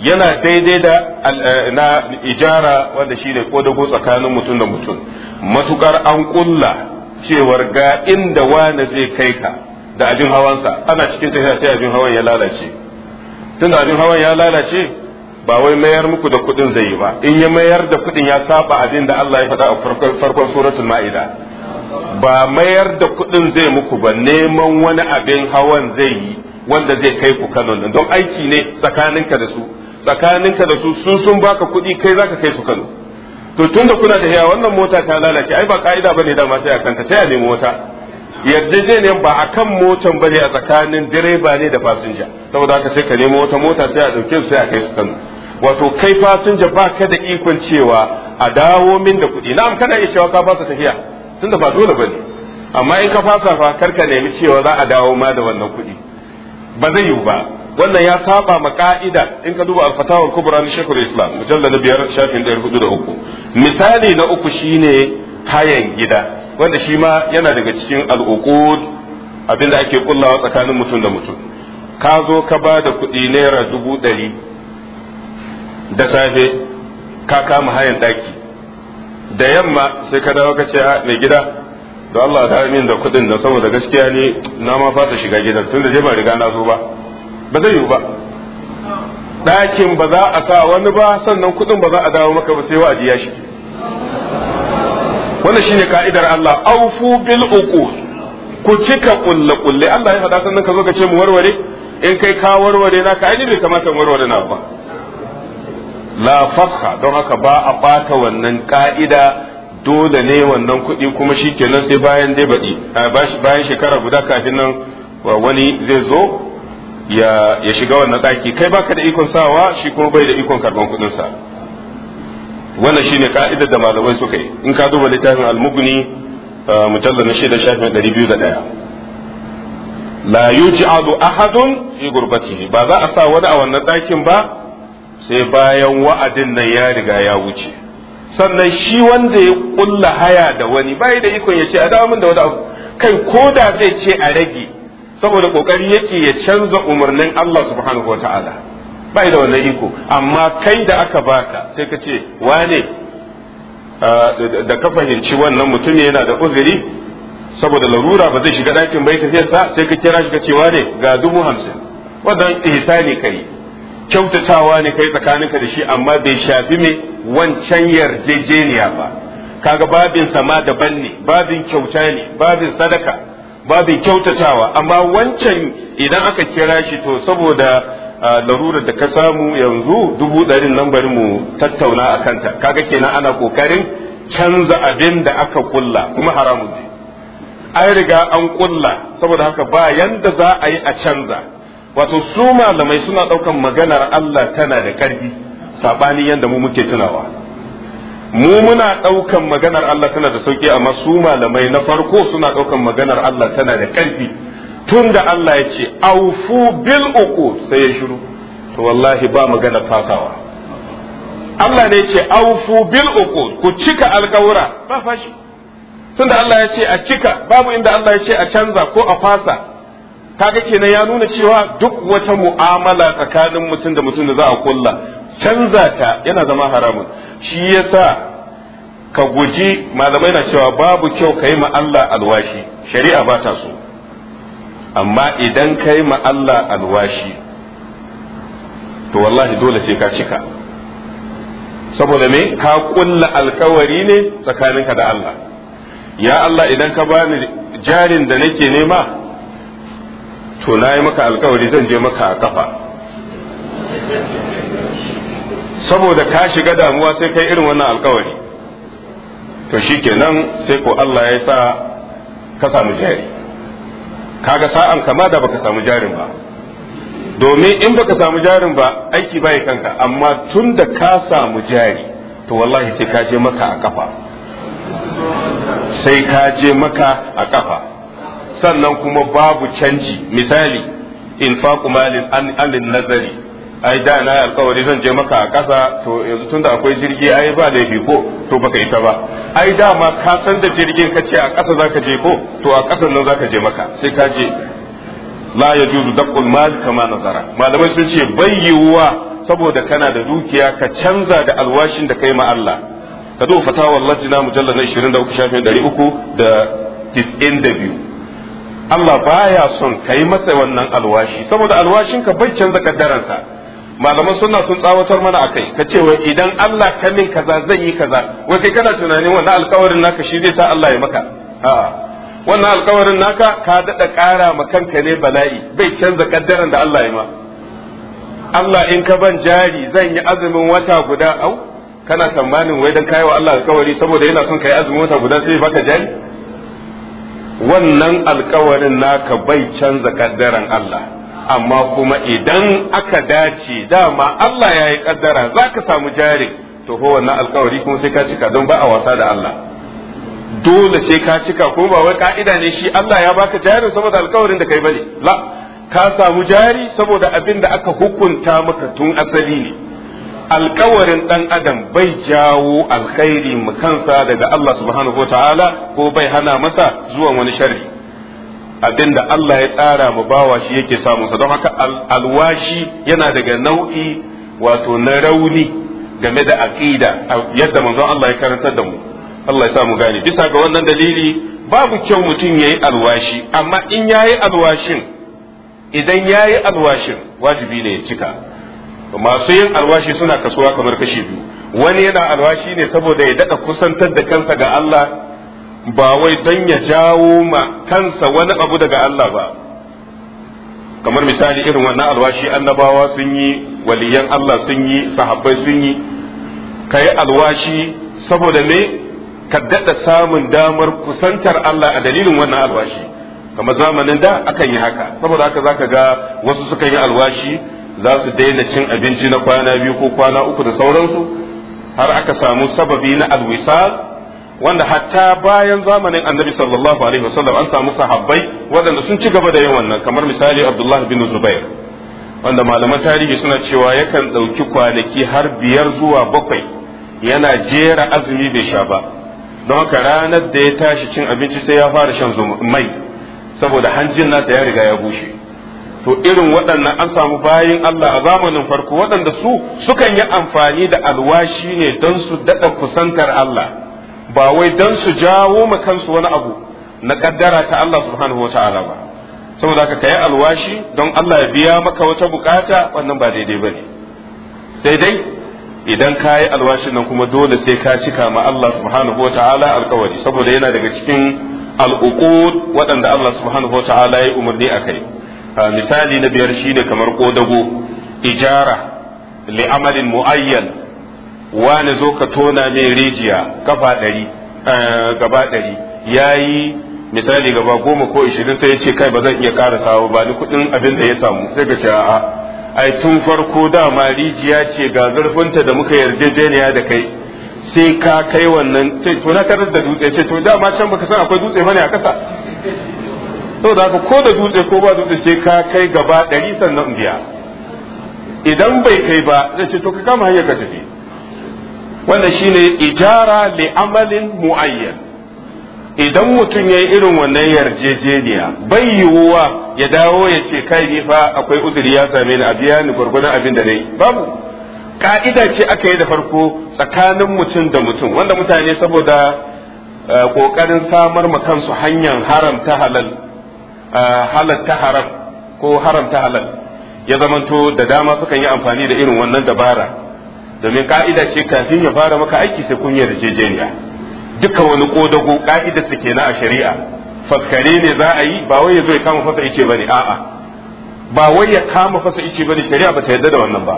yana daidai da eh, na ijara wanda shi shine kodago tsakanin mutum da mutum matukar an kulla cewar ga inda wani zai kai ka da abin hawansa ana cikin tafiya sai abin hawan ya lalace tun da abin hawan ya lalace ba wai mayar muku da kuɗin zai yi ba in ya mayar da kuɗin ya saba abin da Allah ya faɗa a farkon suratul ma'ida ba mayar da kuɗin zai muku ba neman wani abin hawan zai yi wanda zai kai ku Kano don aiki ne tsakaninka da su tsakaninka da su sun sun baka kuɗi kai zaka kai su Kano to tunda kuna da yawa wannan mota ta lalace ai ba ka'ida bane ma sai a kanta sai a nemi mota ne ba a kan motan bane a tsakanin direba ne da fasinja saboda haka sai ka nemo wata mota sai a ɗauke su sai a kai su kano wato kai fasinja ba ka da ikon cewa a dawo min da kuɗi na'am kana iya cewa ka fasa tafiya da ba dole bane amma in ka fasa fa karka nemi cewa za a dawo ma da wannan kuɗi ba zai yiwu ba wannan ya saba ma ka'ida in ka duba al-fatawa kubra na shekul islam mujallal na biyar shafin ɗaya hudu da uku misali na uku shine hayan gida wanda shi ma yana daga cikin al'uqud abinda ake kullawa tsakanin mutum da mutum ka zo ka ba da kuɗi naira dubu ɗari da safe ka kama hayan daki da yamma sai ka dawo ka ce a ah, mai gida da Allah ta min da kuɗin da saboda gaskiya ne na ma fasa shiga gidan tun da je ba riga na zo ba ba zai yiwu ba ɗakin ba za a sa wani ba sannan kuɗin ba za a dawo maka ba sai wa ya shi wannan shine ka'idar Allah aufu bil uqud ku cika kulle kulle Allah ya faɗa sannan ka zo ka ce mu warware in kai ka warware na ka ne bai kamata mu warware na ba la fasha don haka ba a bata wannan ka'ida dole ne wannan kuɗi kuma shi kenan sai bayan dai baɗi bayan shekara guda kafin nan wani zai zo ya shiga wannan ɗaki kai baka da ikon sawa shi kuma bai da ikon karban kuɗin sa wannan shine ka'idar da malamai suka yi in ka duba littafin al-mughni mujallal na shida shafin ɗaya la yuj'alu ahadun fi gurbatihi ba za a sa wani a wannan ɗakin ba sai bayan wa'adin nan ya riga ya wuce sannan shi wanda ya kulla haya da wani bai da ikon ya ce a dawo min da wani abu kai ko da zai ce a rage saboda kokari yake ya canza umarnin Allah subhanahu wataala bai da wannan iko amma kai da aka baka sai ka ce wane da ka fahimci wannan mutum yana da uzuri saboda larura ba zai shiga ɗakin bai tafiyarsa sai ka kira shi ka ce wane ga dubu hamsin wannan ihsani kai kyautatawa ne kai tsakaninka da shi amma bai shafi mai wancan yarjejeniya ba kaga babin sama daban ne babin kyauta ne babin sadaka babin kyautatawa amma wancan idan aka kira shi to saboda larurar da ka samu yanzu dubu ɗarin nan bari mu tattauna a kanta kaga kenan ana kokarin canza abin da aka kulla kuma haramun ne an riga an kulla saboda haka ba yanda za a yi a canza wato su malamai suna ɗaukan maganar Allah tana da ƙarfi saɓani yadda mu muke tunawa mu muna ɗaukan maganar Allah tana da sauƙi amma su malamai na farko suna ɗaukan maganar Allah tana da ƙarfi tun da Allah ya ce aufu bil uku sai ya shiru to wallahi ba maganar fasawa Allah ne ce aufu bil uku ku cika alkawura ba fashi tunda Allah ya ce a cika babu inda Allah ya ce a canza ko a fasa kaga kenan ya nuna cewa duk wata mu'amala tsakanin mutum da mutum da za a kulla canza ta yana zama haramun shi yasa ka guji malamai na cewa babu kyau ka yi Allah alwashi shari'a ba ta so amma idan ka yi Allah alwashi to wallahi dole sai ka cika saboda me ka kulla alkawari ne tsakaninka da Allah ya Allah idan ka bani jarin da nake nema to na yi maka alkawari zan je maka a kafa saboda ka shiga damuwa sai kai irin wannan alkawari to shi kenan sai ko Allah ya sa ka samu jari kaga sa'an kama da baka samu jarin ba domin in baka samu jarin ba aiki bai kanka amma tun da ka samu jari to wallahi sai ka je maka a kafa sai ka je maka a kafa sannan kuma babu canji misali infaqu malin an nazari ai da na alƙawari zan je maka a ƙasa to yanzu tunda akwai jirgi ai ba laifi ko to baka isa ba ai da ma ka san da jirgin ka ce a ƙasa zaka je ko to a ƙasan nan zaka je maka sai ka je la yajuzu daqul mal kama nazara malamai sun ce bai yiwuwa saboda kana da dukiya ka canza da alwashin da kai ma Allah ka zo fatawa Allah jina mujallal 23 shafin 300 da 92 Allah baya son kai masa wannan alwashi saboda alwashin ka bai canza kaddaransa malaman suna sun tsawatar mana akai ka ce wai idan Allah ka min kaza zan yi kaza wai kai kana tunanin wannan alkawarin naka shi zai sa Allah ya maka wannan alkawarin naka ka dada ƙara ma kanka ne bala'i bai canza kaddaran da Allah ya ma Allah in ka ban jari zan yi azumin wata guda au kana tsammanin wai dan kai wa Allah alkawari saboda yana son kai azumin wata guda sai baka jari wannan alkawarin naka bai canza kaddaran Allah amma kuma idan aka dace dama Allah ya yi kaddara za ka samu jari to ko wannan alkawari kuma sai ka cika don ba a wasa da Allah dole sai ka cika ko ba wai ka'ida ne shi Allah ya baka jari saboda alkawarin da kai bane la ka samu jari saboda abin da aka hukunta maka tun asali ne alkawarin ɗan adam bai jawo alkhairi mu kansa daga Allah subhanahu ta'ala ko bai hana masa zuwan wani sharri abinda Allah ya tsara mu bawa shi yake samu sa don haka alwashi yana daga nau'i wato na rauni game da aqida yadda manzon Allah ya karantar da mu Allah ya samu gane bisa ga wannan dalili babu kyau mutum yayi alwashi amma in yayi alwashin idan yayi alwashin wajibi ne ya cika masu yin alwashi suna kasuwa kamar kashi biyu wani yana alwashi ne saboda ya daɗa kusantar da kansa ga Allah ba wai don ya jawo ma kansa wani abu daga Allah ba kamar misali irin wannan alwashi annabawa sun yi waliyan Allah sun yi sahabbai sun yi ka yi alwashi saboda me ka daɗa samun damar kusantar Allah a dalilin wannan alwashi kamar zamanin da akan yi haka saboda haka zaka ga wasu sukan yi alwashi za su daina cin abinci na kwana biyu ko kwana uku da sauransu har aka samu sababi na alwisal wanda hatta bayan zamanin annabi sallallahu alaihi wasallam an samu sahabbai waɗanda sun ci gaba da yin wannan kamar misali abdullahi bin zubair wanda malaman tarihi suna cewa yakan ɗauki kwanaki har biyar zuwa bakwai yana jera azumi bai sha ba don haka ranar da ya tashi cin abinci sai ya fara shan mai saboda hanjin nasa ya riga ya bushe to irin waɗannan an samu bayin Allah a zamanin farko waɗanda su sukan yi amfani da alwashi ne don su daɗa kusantar Allah ba wai don su jawo ma kansu wani abu na ƙaddara ta Allah subhanahu wa ta'ala ba saboda haka kayi alwashi don Allah ya biya maka wata bukata wannan ba daidai bane sai dai idan ka yi alwashin nan kuma dole sai ka cika ma Allah subhanahu wa ta'ala alkawari saboda yana daga cikin al'uqud waɗanda Allah subhanahu wa ta'ala ya umarni a kai misali na biyar shi ne kamar kodago ijara li'amalin mu'ayyan wani zo ka tona mai rijiya kafa ɗari eh, gaba ɗari ya yi misali gaba goma ko ishirin sai ya ce kai ba zan iya ƙara sawa ba ni kuɗin abin da ya samu sai ka ce a ai tun farko dama rijiya ce ga zurfinta da muka yarjejeniya da kai sai ka kai wannan to na karar da dutse ce to dama can baka san akwai dutse bane a kasa saboda da ko da dutse ko ba dutse sai ka kai gaba ɗari sannan in biya idan bai kai ba zai ce to ka kama hanyar ka tafi wannan shine ijara li amalin muayyan idan mutum ya yi irin wannan yarjejeniya bai yiwuwa ya dawo ya ce kai ni fa akwai uzuri ya same ni a biya ni gwargwadon abin da nayi babu ka'ida ce aka yi da farko tsakanin mutum da mutum wanda mutane saboda kokarin eh, samar ma kansu hanyar haramta halal halatta haram ko haramta halal ya zamanto da dama sukan yi amfani da irin wannan dabara domin ka'ida ce kafin ya fara maka aiki sai kun jejeniya duka wani kodago ka'ida su kenan a shari'a faskare ne za a yi ba wai ya zo ya kama fasa ice bane a'a ba wai ya kama fasa ice bane shari'a ba ta yarda da wannan ba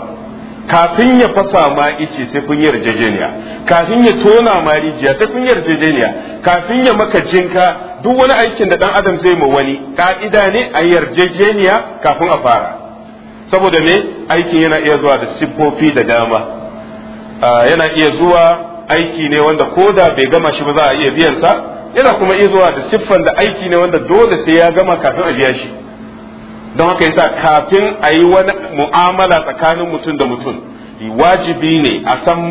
kafin ya fasa ma ice sai kun jejeniya kafin ya tona ma rijiya sai kun yarjejeniya kafin ya maka jinka duk wani aikin da dan adam zai ma wani ka'ida ne a yarjejeniya kafin a fara saboda me aikin yana iya zuwa da siffofi da dama ah, yana iya zuwa aiki ne wanda ko da bai gama shi ba za a iya biyan sa yana kuma iya zuwa da siffan da aiki ne wanda dole sai ya gama kafin a biya shi don haka yasa kafin a yi wani mu'amala tsakanin mutum da mutum wajibi ne a san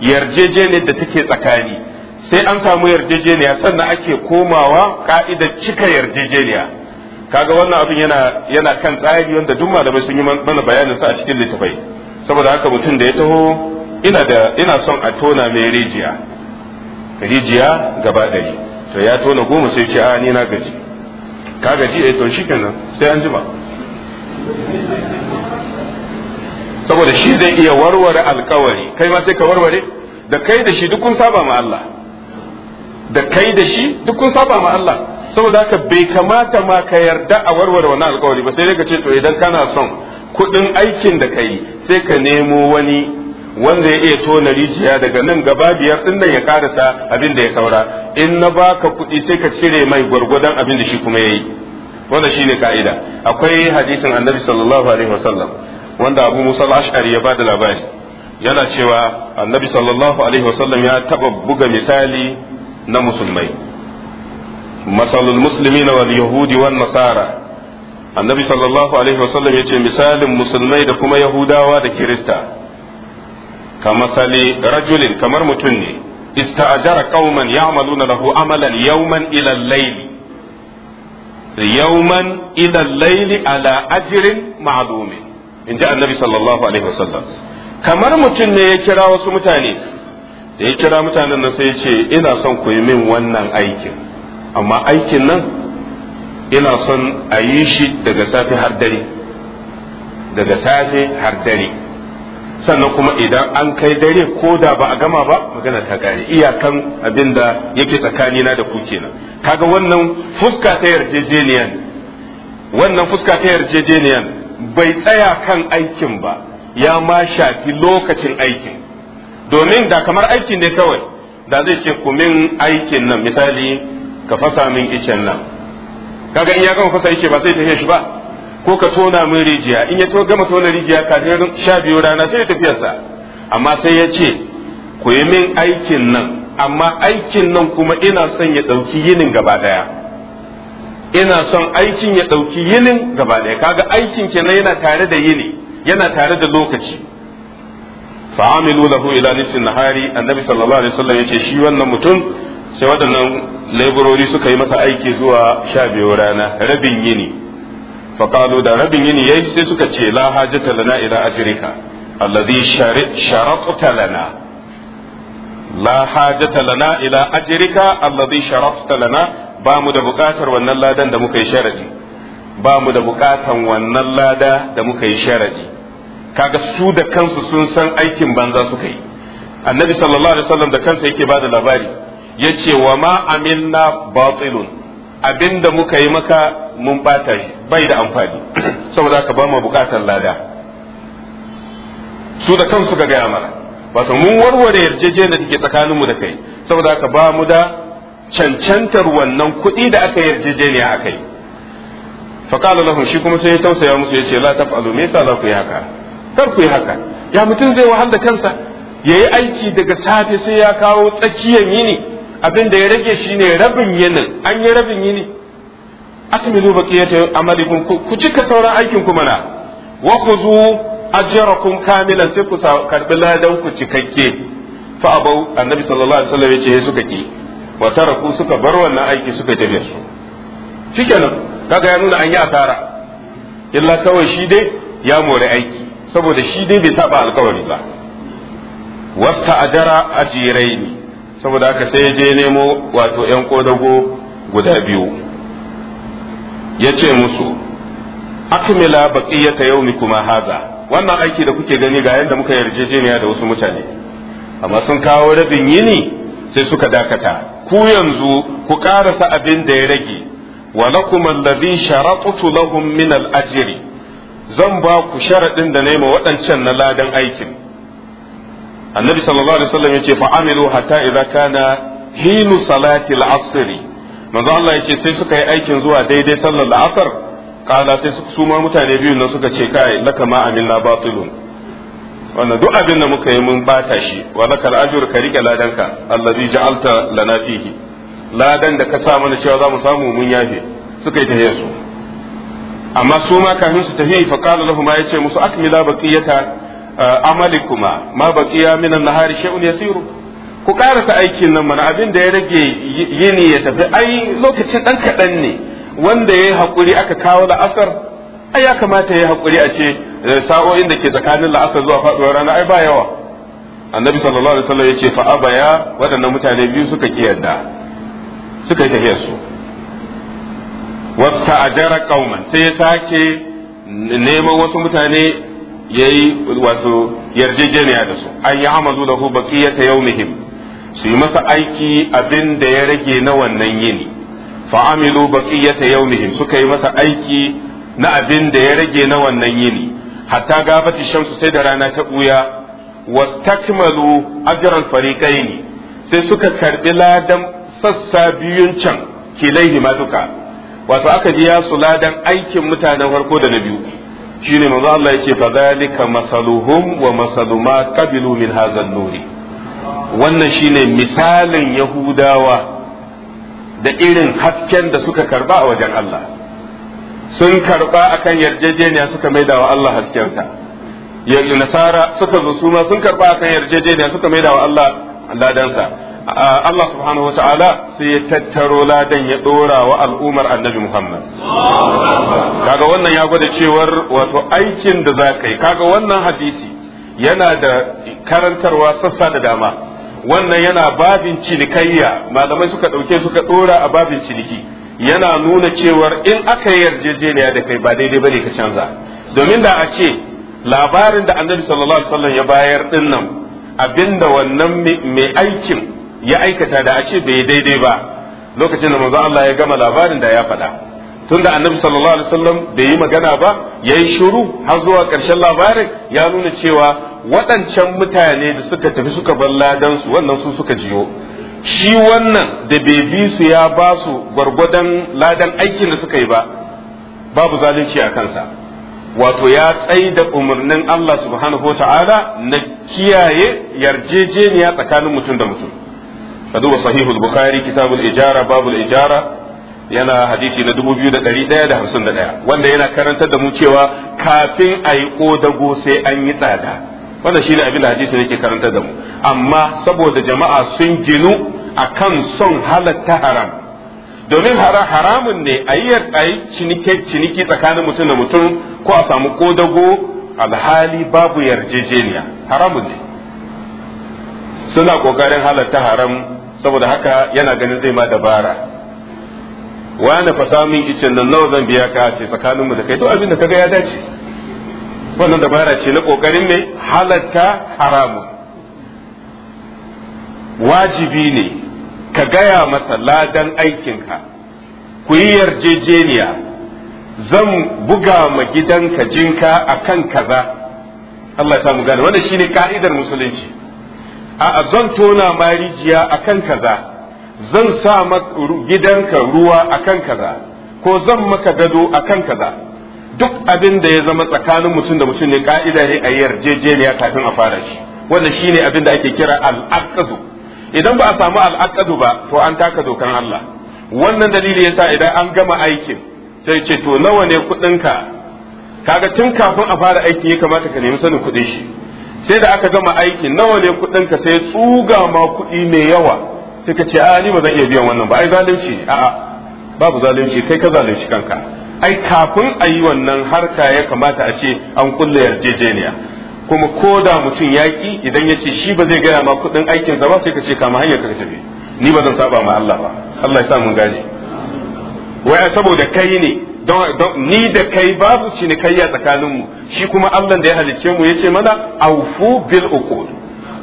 yarjejeniyar da take tsakani sai an samu yarjejeniya sannan ake komawa ka'idar cika yarjejeniya kaga wannan abin yana yana kan tsari wanda duk malamai sun yi mana bayanin sa a cikin littafai saboda haka mutum da ya taho ina da ina son a tona mai rijiya rijiya gaba to ya tona goma sai ce a ni na gaji ka gaji eh to shikenan sai an jima saboda shi zai iya warware alkawari kai ma sai ka warware da kai da shi duk kun saba ma Allah da kai da shi duk kun saba ma Allah saboda haka bai kamata ma ka yarda a warware wannan alkawari ba sai dai ka ce to idan kana son kuɗin aikin da kai sai ka nemo wani wanda ya iya tona rijiya daga nan gaba biyar din nan ya karasa abin da ya saura in na baka kuɗi sai ka cire mai gwargwadon abin da shi kuma yayi wanda shine ka'ida akwai hadisin annabi sallallahu alaihi wasallam wanda abu musa al-ash'ari ya bada labari yana cewa annabi sallallahu alaihi wasallam ya taba buga misali na musulmai masalul musulmi na wal yahudi wan nasara annabi sallallahu alaihi wasallam ya ce misalin musulmai da kuma yahudawa da kirista masali rajulin kamar mutum ne ista'ajara qauman ya'maluna lahu amalan yawman ila layli yawman ila layli ala ajrin ma'lumin inji annabi sallallahu alaihi wasallam kamar mutum ne ya kira wasu mutane da ya kira mutanen nan sai ya ce ina son ku yi min wannan aikin amma aikin nan ina son a yi shi daga safe har dare daga safe har dare sannan kuma idan an kai dare ko da ba a gama ba magana ta kare iyakan abin da yake tsakanina da ku kenan kaga wannan fuska ta yarjejeniyan wannan fuska ta yarjejeniyan bai tsaya kan aikin ba ya ma shafi lokacin aikin domin da kamar aiki ne kawai da zai ce ku min aikin nan misali ka fasa min icen nan kaga in ya gama fasa ice ba zai tafiya shi ba ko ka tona min rijiya in ya to gama tona rijiya kafin sha biyu rana sai sa. amma sai ya ce ku yi min aikin nan amma aikin nan kuma ina son ya dauki yinin gaba ɗaya ina son aikin ya ɗauki yinin gaba ɗaya kaga aikin kenan yana tare da yini yana tare da lokaci fa'amilu lahu ila nisin nahari annabi sallallahu alaihi wasallam yace shi wannan mutum sai waɗannan laborori suka yi masa aiki zuwa sha biyu rana rabin yini faqalu da rabin yini yayi sai suka ce la hajata lana ila ajrika alladhi sharaqta lana la hajata lana ila ajrika alladhi sharaqta lana ba mu da buƙatar wannan ladan da muka yi sharadi ba mu da buƙatan wannan lada da muka yi sharadi kaga su da kansu sun san aikin banza suka yi annabi sallallahu alaihi wasallam da kansa yake bada labari yace wa ma amilna batilun abinda muka yi maka mun bata shi bai da amfani saboda haka ba mu bukatar lada su da kansu ga gaya mana wato mun warware yarjejeniyar da take tsakaninmu da kai saboda haka ba mu da cancantar wannan kuɗi da aka yarjejeniya akai fa qala lahum shi kuma sai ya tausaya musu yace la taf'alu me yasa za ku yi haka kar ku yi haka ya mutum zai wahal kansa ya yi aiki daga safe sai ya kawo tsakiyar yini abin da ya rage shine ne rabin yinin an yi rabin yini asmilu baqiyata amalikum ku cika sauran aikin ku mana wa khuzu ajrakum kamilan sai ku karbi ladan ku cikakke fa abau annabi sallallahu alaihi wasallam yace suka ki wa taraku suka bar wannan aiki suka tafi su shikenan kaga ya nuna an yi asara illa kawai shi dai ya more aiki saboda shi dai bai saba alkawari ba wasta ajara ne saboda haka sai ya je nemo wato yan kodago guda biyu ya ce musu akmila baqiyata yawmikuma haza wannan aiki da kuke gani ga yanda muka yarjejeniya da wasu mutane amma sun kawo rabin yini sai suka dakata ku yanzu ku karasa abin da ya rage wa lakum alladhi sharatu lahum min al zan ba ku sharaɗin da ma waɗancan na ladan aikin annabi sallallahu alaihi wasallam yace fa amilu hatta idza kana hinu salati al-asr manzo Allah yace sai suka yi aikin zuwa daidai sallar al-asr kala sai su ma mutane biyu nan suka ce kai laka ma amilna batilun wannan duk abin da muka yi mun bata shi wa lakal ajr ka rike ladanka allazi ja'alta lana fihi ladan da ka sa mana cewa za mu samu mun yafe suka yi ta yesu amma su ma kafin su tafi fa qala lahu ya ce musu akmila baqiyata eh, amalikuma ma baqiya min an-nahari shay'un yasiru ku karasa aikin nan mana abin da ya rage yini ya tafi ai lokacin dan kadan ne wanda yayi hakuri aka kawo da asar ai ya kamata yayi hakuri a ce eh, sa'o'in da ke tsakanin la'asar zuwa faduwar rana ai ba yawa annabi sallallahu alaihi wasallam ya fa abaya waɗannan mutane biyu suka kiyarda suka yi tafiyar su wasta ajara qauman sai ya sake neman wasu mutane ya yi wato yarjejeniya da su an yi ya ta yau muhim su yi masa aiki abin da ya rage na wannan yini fa'amilu ya ta yau muhim suka yi masa aiki na abin da ya rage na wannan yini hatta gabati shamsu sai da rana ta buya wastakmalu ajran fariqaini sai suka karɓi ladan sassa biyun can kilaihi ma duka wato aka biya su ladan aikin mutanen farko da na biyu shine manzo Allah yake fa zalika masaluhum wa masalu ma qabilu min hadha nuri wannan shine misalin yahudawa da irin hasken da suka karba a wajen Allah sun karba akan yarjejeniya suka maida wa Allah haskensa yanzu nasara suka zo su ma sun karba akan yarjejeniya suka maida wa Allah ladansa Allah subhanahu wa ta'ala sai ya tattaro ladan ya dora wa al'umar annabi Muhammad. Kaga wannan ya gwada cewar wato aikin da za ka yi, kaga wannan hadisi yana da karantarwa sassa da dama, wannan yana babin cinikayya malamai suka ɗauke suka ɗora a babin ciniki. Yana nuna cewar in aka yi yarjejeniya da kai ba daidai bane ka canza. Domin da a ce labarin da annabi sallallahu alaihi wasallam ya bayar dinnan abinda wannan mai aikin ya aikata da a ce bai daidai ba lokacin da manzo Allah ya gama labarin da ya faɗa tunda annabi sallallahu alaihi wasallam bai yi magana ba yayi shiru har zuwa ƙarshen labarin ya nuna cewa waɗancan mutane da suka tafi suka bar ladan su wannan su suka jiyo shi wannan da bai su ya ba su gwargwadon ladan aikin da suka yi ba babu zalunci a kansa wato ya tsai da umarnin Allah subhanahu wa ta'ala na kiyaye yarjejeniya tsakanin mutum da mutum ka duba sahihul bukhari kitabul ijara babul ijara yana hadisi na 2151 wanda yana karantar da mu cewa kafin ayi kodago sai an yi tsada wanda shine abin da hadisi yake karantar da mu amma saboda jama'a sun ginu akan son halatta haram domin haramun ne a cinike ciniki tsakanin mutum da mutum ko a samu kodago alhali babu yarjejeniya haramun ne suna kokarin halatta haram saboda haka yana ganin zai ma dabara wani fa samun icen nan nawa zan biya ka ce tsakaninmu da kai to abin da kaga ya dace wannan dabara ce na kokarin ne halatta haramun wajibi ne ka gaya masa ladan aikinka ku yi yarjejeniya zan buga ma gidanka jinka akan kaza Allah ya samu gane wannan shine ka'idar musulunci a'a zan tona marijiya a kan kaza zan sa gidanka ruwa a kan kaza ko zan maka gado a kan kaza duk abin da ya zama tsakanin mutum da mutum ne ka'ida ne a yarjejeniya kafin a fara shi wanda shine abin da ake kira al'aqdu idan ba a samu al'aqdu ba to an taka dokan Allah wannan dalili yasa idan an gama aikin sai ce to nawa ne kuɗinka kaga tun kafin a fara aiki ya kamata ka nemi sanin kuɗi shi sai da aka gama aikin nawa ne kuɗinka ka sai tsuga ma kuɗi mai yawa sai ka ce a ni ba zan iya biyan wannan ba ai zalunci a'a babu zalunci kai ka zalunci kanka ai kafin a yi wannan harka ya kamata a ce an kulle yarjejeniya kuma ko da mutum yaƙi idan ya ce shi ba zai gaya ma kuɗin aikinsa ba sai ka ce kama hanyar ka tafi ni ba zan saba ma Allah ba Allah ya sa mun gane waya saboda kai ne ni da kai babu cinikayya tsakaninmu shi kuma Allah da ya halicce mu yace mana aufu bil uqud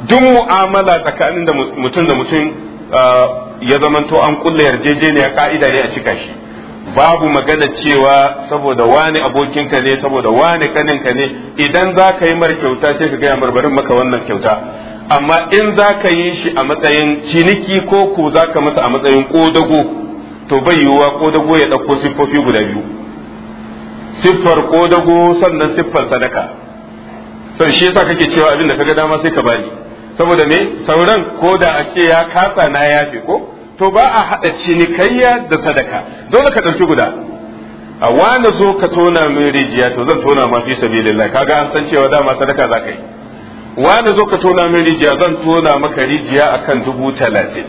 duk mu'amala tsakanin da mutum da mutum ah, ya zamanto an kulle yarjejeniya ka'ida ne a cika shi babu magana cewa saboda wani abokinka ne saboda wani kaninka ne idan za ka yi mar kyauta sai ka gaya barbarin maka wannan kyauta amma in za ka yi shi a matsayin ciniki ko ko za ka masa a matsayin kodago to bai yiwuwa ko dago ya ɗauko siffofi guda biyu siffar ko dago sannan siffar sadaka san shi yasa kake cewa abin da kaga dama sai ka bani saboda me sauran ko da a ce ya kasa na yafe ko to ba a haɗa cinikayya da sadaka dole ka ɗauki guda a wani zo ka tona min rijiya to zan tona ma fi sabilillah kaga an san cewa dama sadaka za ka yi wani zo ka tona min rijiya zan tona maka rijiya akan dubu talatin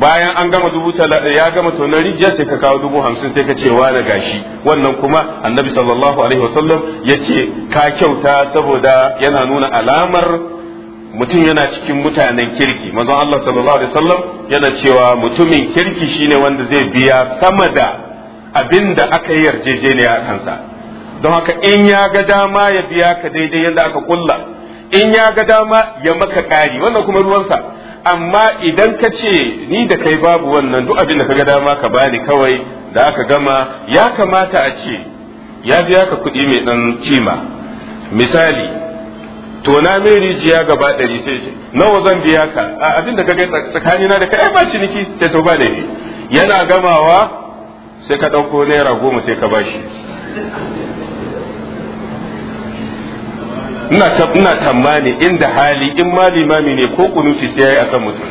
bayan an gama dubu ya gama na rijiya sai ka kawo dubu hamsin sai ka ce na gashi wannan kuma annabi sallallahu alaihi wasallam ya ce ka kyauta saboda yana nuna alamar mutum yana cikin mutanen kirki Mazan Allah sallallahu alaihi wasallam yana cewa mutumin kirki shine wanda zai biya sama da abinda aka yi yarjejeniya a kansa don haka in ya ga dama ya biya ka daidai yadda aka kulla in ya ga dama ya maka ƙari wannan kuma ruwansa amma idan ka ce ni da kai babu wannan duk abin da ka ga dama ka bani kawai da aka gama ya kamata a ce ya biya ka kuɗi mai ɗan kima misali to na mai rijiya gaba ɗari sai nawa zan biya ka a abin da ka ga tsakanina da kai ba ciniki sai to ba yana gamawa sai ka ɗauko naira goma sai ka bashi ina ina tambani inda hali in ma limami ne ko kunuti sai yayi akan mutum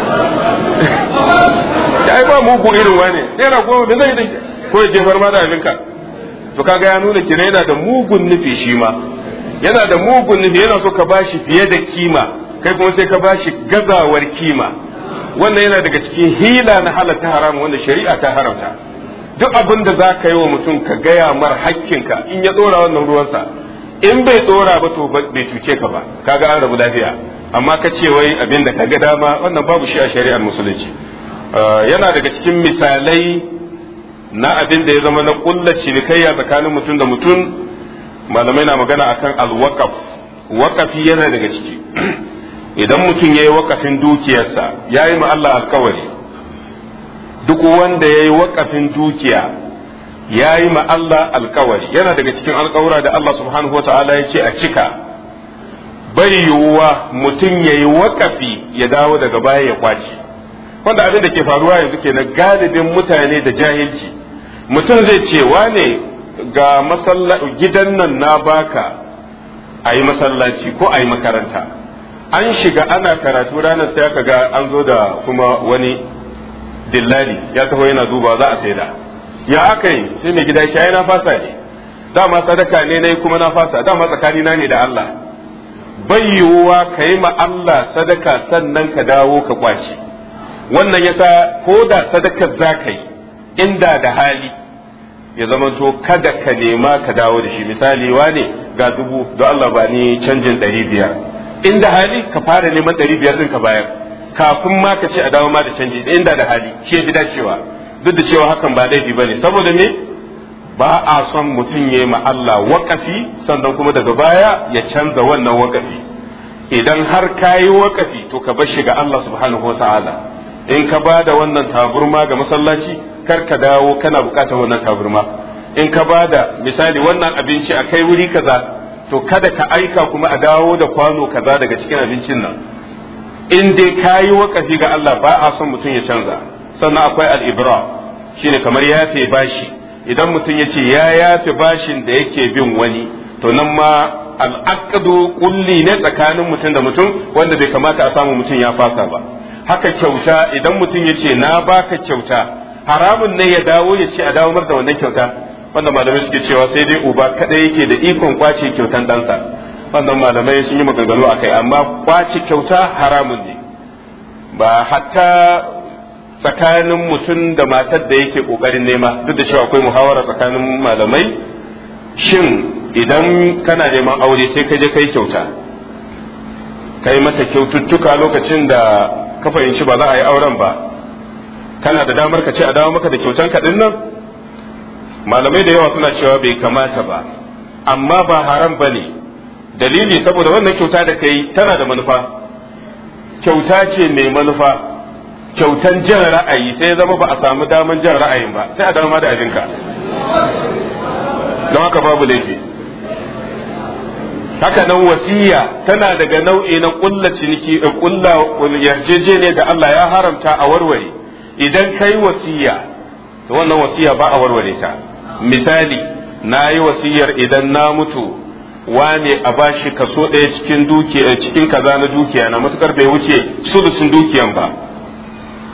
ai ba mugu irin wane yana goma da zai dinka ko ya jefar ma da abinka to kaga ya nuna kire yana da mugun nufi shi ma yana da mugun nufi yana so ka bashi fiye da kima kai kuma sai ka bashi gazawar kima wannan yana daga cikin hila na halatta haram wanda shari'a ta haramta duk abinda da za ka yi wa mutum ka gaya mar hakkinka in ya dora wannan ruwansa in bai dora ba to bai cuce ka ba kaga an rabu lafiya amma ka ce wai abin da kaga dama wannan babu shi a shari'ar musulunci uh, yana daga cikin misalai na abin da ya zama na ƙulla cinikayya tsakanin mutum da mutum malamai na magana akan alwakaf wakafi yana daga ciki idan mutum ya yi wakafin dukiyarsa ya yi ma Allah alkawari duk wanda ya yi wakafin dukiya Yayi ma Allah alkawari yana daga cikin alkawura da Allah subhanahu wa ta'ala ya ce a cika bai yiwuwa mutum ya yi wakafi ya dawo daga baya ya kwaci wanda abin da ke faruwa yanzu ke na galibin mutane da jahilci mutum zai ce wane ga gidan nan na baka a yi masallaci ko a yi makaranta an shiga ana karatu ranar sai ka ga an zo da kuma wani dillali ya taho yana duba za a da. ya aka yi sai mai gida shi na fasa ne dama sadaka ne na kuma na fasa dama tsakani na ne da Allah bai yiwuwa ka yi ma Allah sadaka sannan ka dawo ka kwace wannan yasa ko da sadakar za ka yi inda da hali ya zamanto kada ka nema ka dawo da shi misali wane ga dubu don Allah ba ni canjin ɗari biyar inda hali ka fara neman ɗari biyar ɗin ka bayar kafin ma ka ce a dawo ma da canji inda da hali ke gida cewa. duk da cewa hakan ba daidai bane saboda me ba a son mutum ya ma Allah wakafi sannan kuma daga baya ya canza wannan wakafi idan har kayi wakafi to ka bar shi ga Allah subhanahu wataala in ka ba da wannan taburma ga masallaci kar ka dawo kana bukatar wannan taburma in ka ba da misali wannan abinci a kai wuri kaza to kada ka aika kuma a dawo da kwano kaza daga cikin abincin nan in dai kayi wakafi ga Allah ba a son mutum ya canza sannan akwai al'ibra ne kamar yafe bashi idan mutum ya ce ya yase bashin da yake bin wani to nan ma al'akadu kulli ne tsakanin mutum da mutum wanda bai kamata a samu mutum ya fasa ba haka kyauta idan mutum ya ce na baka kyauta haramun ne ya dawo ya ce a dawo da wannan kyauta wanda malamai suke cewa sai dai uba kadai yake da ikon kwace kyautan ɗansa wannan malamai sun yi maganganu a kai amma kwace kyauta haramun ne ba hatta tsakanin mutum da matar da yake kokarin nema duk da cewa akwai muhawara tsakanin malamai shin idan kana neman aure sai ka je kai kyauta kai mata kyaututtuka lokacin da ka fahimci ba za a yi auren ba kana da damar ka ce a dawo maka da kyautan ka nan malamai da yawa suna cewa bai kamata ba amma ba haram ba ne dalili saboda wannan kyauta da kai tana da manufa kyauta ce mai manufa kyautan jan ra'ayi sai zama ba a samu daman jan ra'ayin ba sai a dama da abinka don haka babu laifi haka nan wasiya tana daga nau'i na kulla ciniki kulla eh, ne da Allah ya haramta a warware idan kai wasiya to wannan wasiya ba a warware ta misali na yi wasiyar idan na mutu wane a bashi kaso ɗaya cikin dukiya eh, cikin kaza na dukiya na matukar bai wuce sulusun dukiyan ba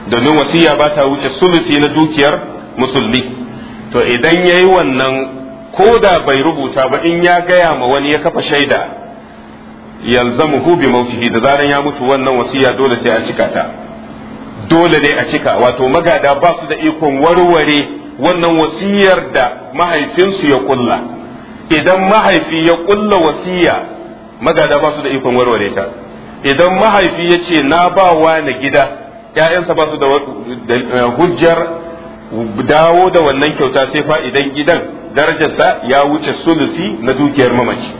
domin wasiya ba ta wuce sulusi na dukiyar musulmi to idan ya yi wannan ko da bai rubuta ba in ya gaya ma wani ya kafa shaida mu bi mautihi da zaran ya mutu wannan wasiya dole sai a cika ta dole ne a cika wato magada ba su da ikon warware wannan wasiyar da mahaifinsu ya kulla idan mahaifi ya kulla wasiya magada ba su da ikon warware ta idan mahaifi ya ce na ba wa na gida ‘ya'yansa ba su da eh, hujjar dawo da wannan kyauta sai fa'idan gidan darajarsa ya wuce sulusi na dukiyar mamaci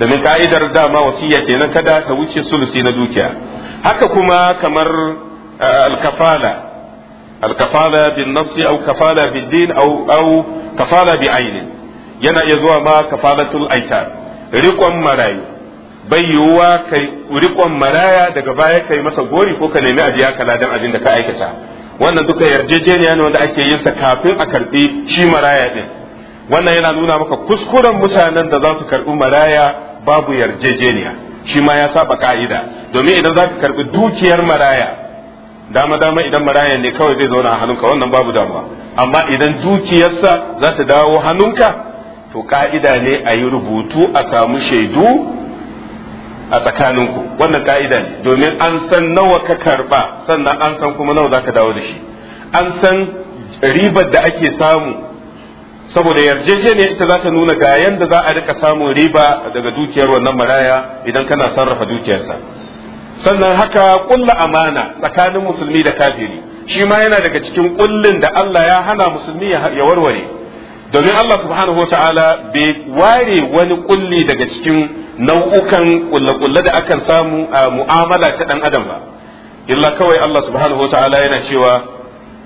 domin ka'idar dama wasiya kenan kada ta wuce sulusi na dukiya haka kuma kamar eh, alkafala alkafala bin nafsi au kafala bin din au kafala bi ainin yana iya zuwa ma kafalatul aita rikon marayu bai yiwuwa kai rikon maraya daga baya kai masa gori ko ka nemi biya kala dan abin da ka aikata wannan duka yarjejeniya ne wanda ake yin sa kafin a karbi shi maraya din wannan yana nuna maka kuskuren mutanen da za su karbi maraya babu yarjejeniya shi ma ya saba ka'ida domin idan za ka karbi dukiyar maraya dama dama idan maraya ne kawai zai zauna a hannunka wannan babu damuwa amma idan dukiyarsa za ta dawo hannunka to ka'ida ne a yi rubutu a samu shaidu a tsakaninku wannan ka'ida ne domin an san nawa ka karba sannan an san kuma nawa zaka dawo da shi an san ribar da ake samu saboda yarjejeniya ita za ta nuna ga yanda za a rika samun riba daga dukiyar wannan maraya idan kana sarrafa dukiyarsa sannan haka kulla amana tsakanin musulmi da kafiri shi ma yana daga cikin kullin da Allah ya hana musulmi ya warware domin Allah subhanahu wa ta'ala bai ware wani kulli daga cikin nau'ukan kulle-kulle da akan samu a mu'amala ta dan adam ba illa kawai Allah subhanahu wa ta'ala yana cewa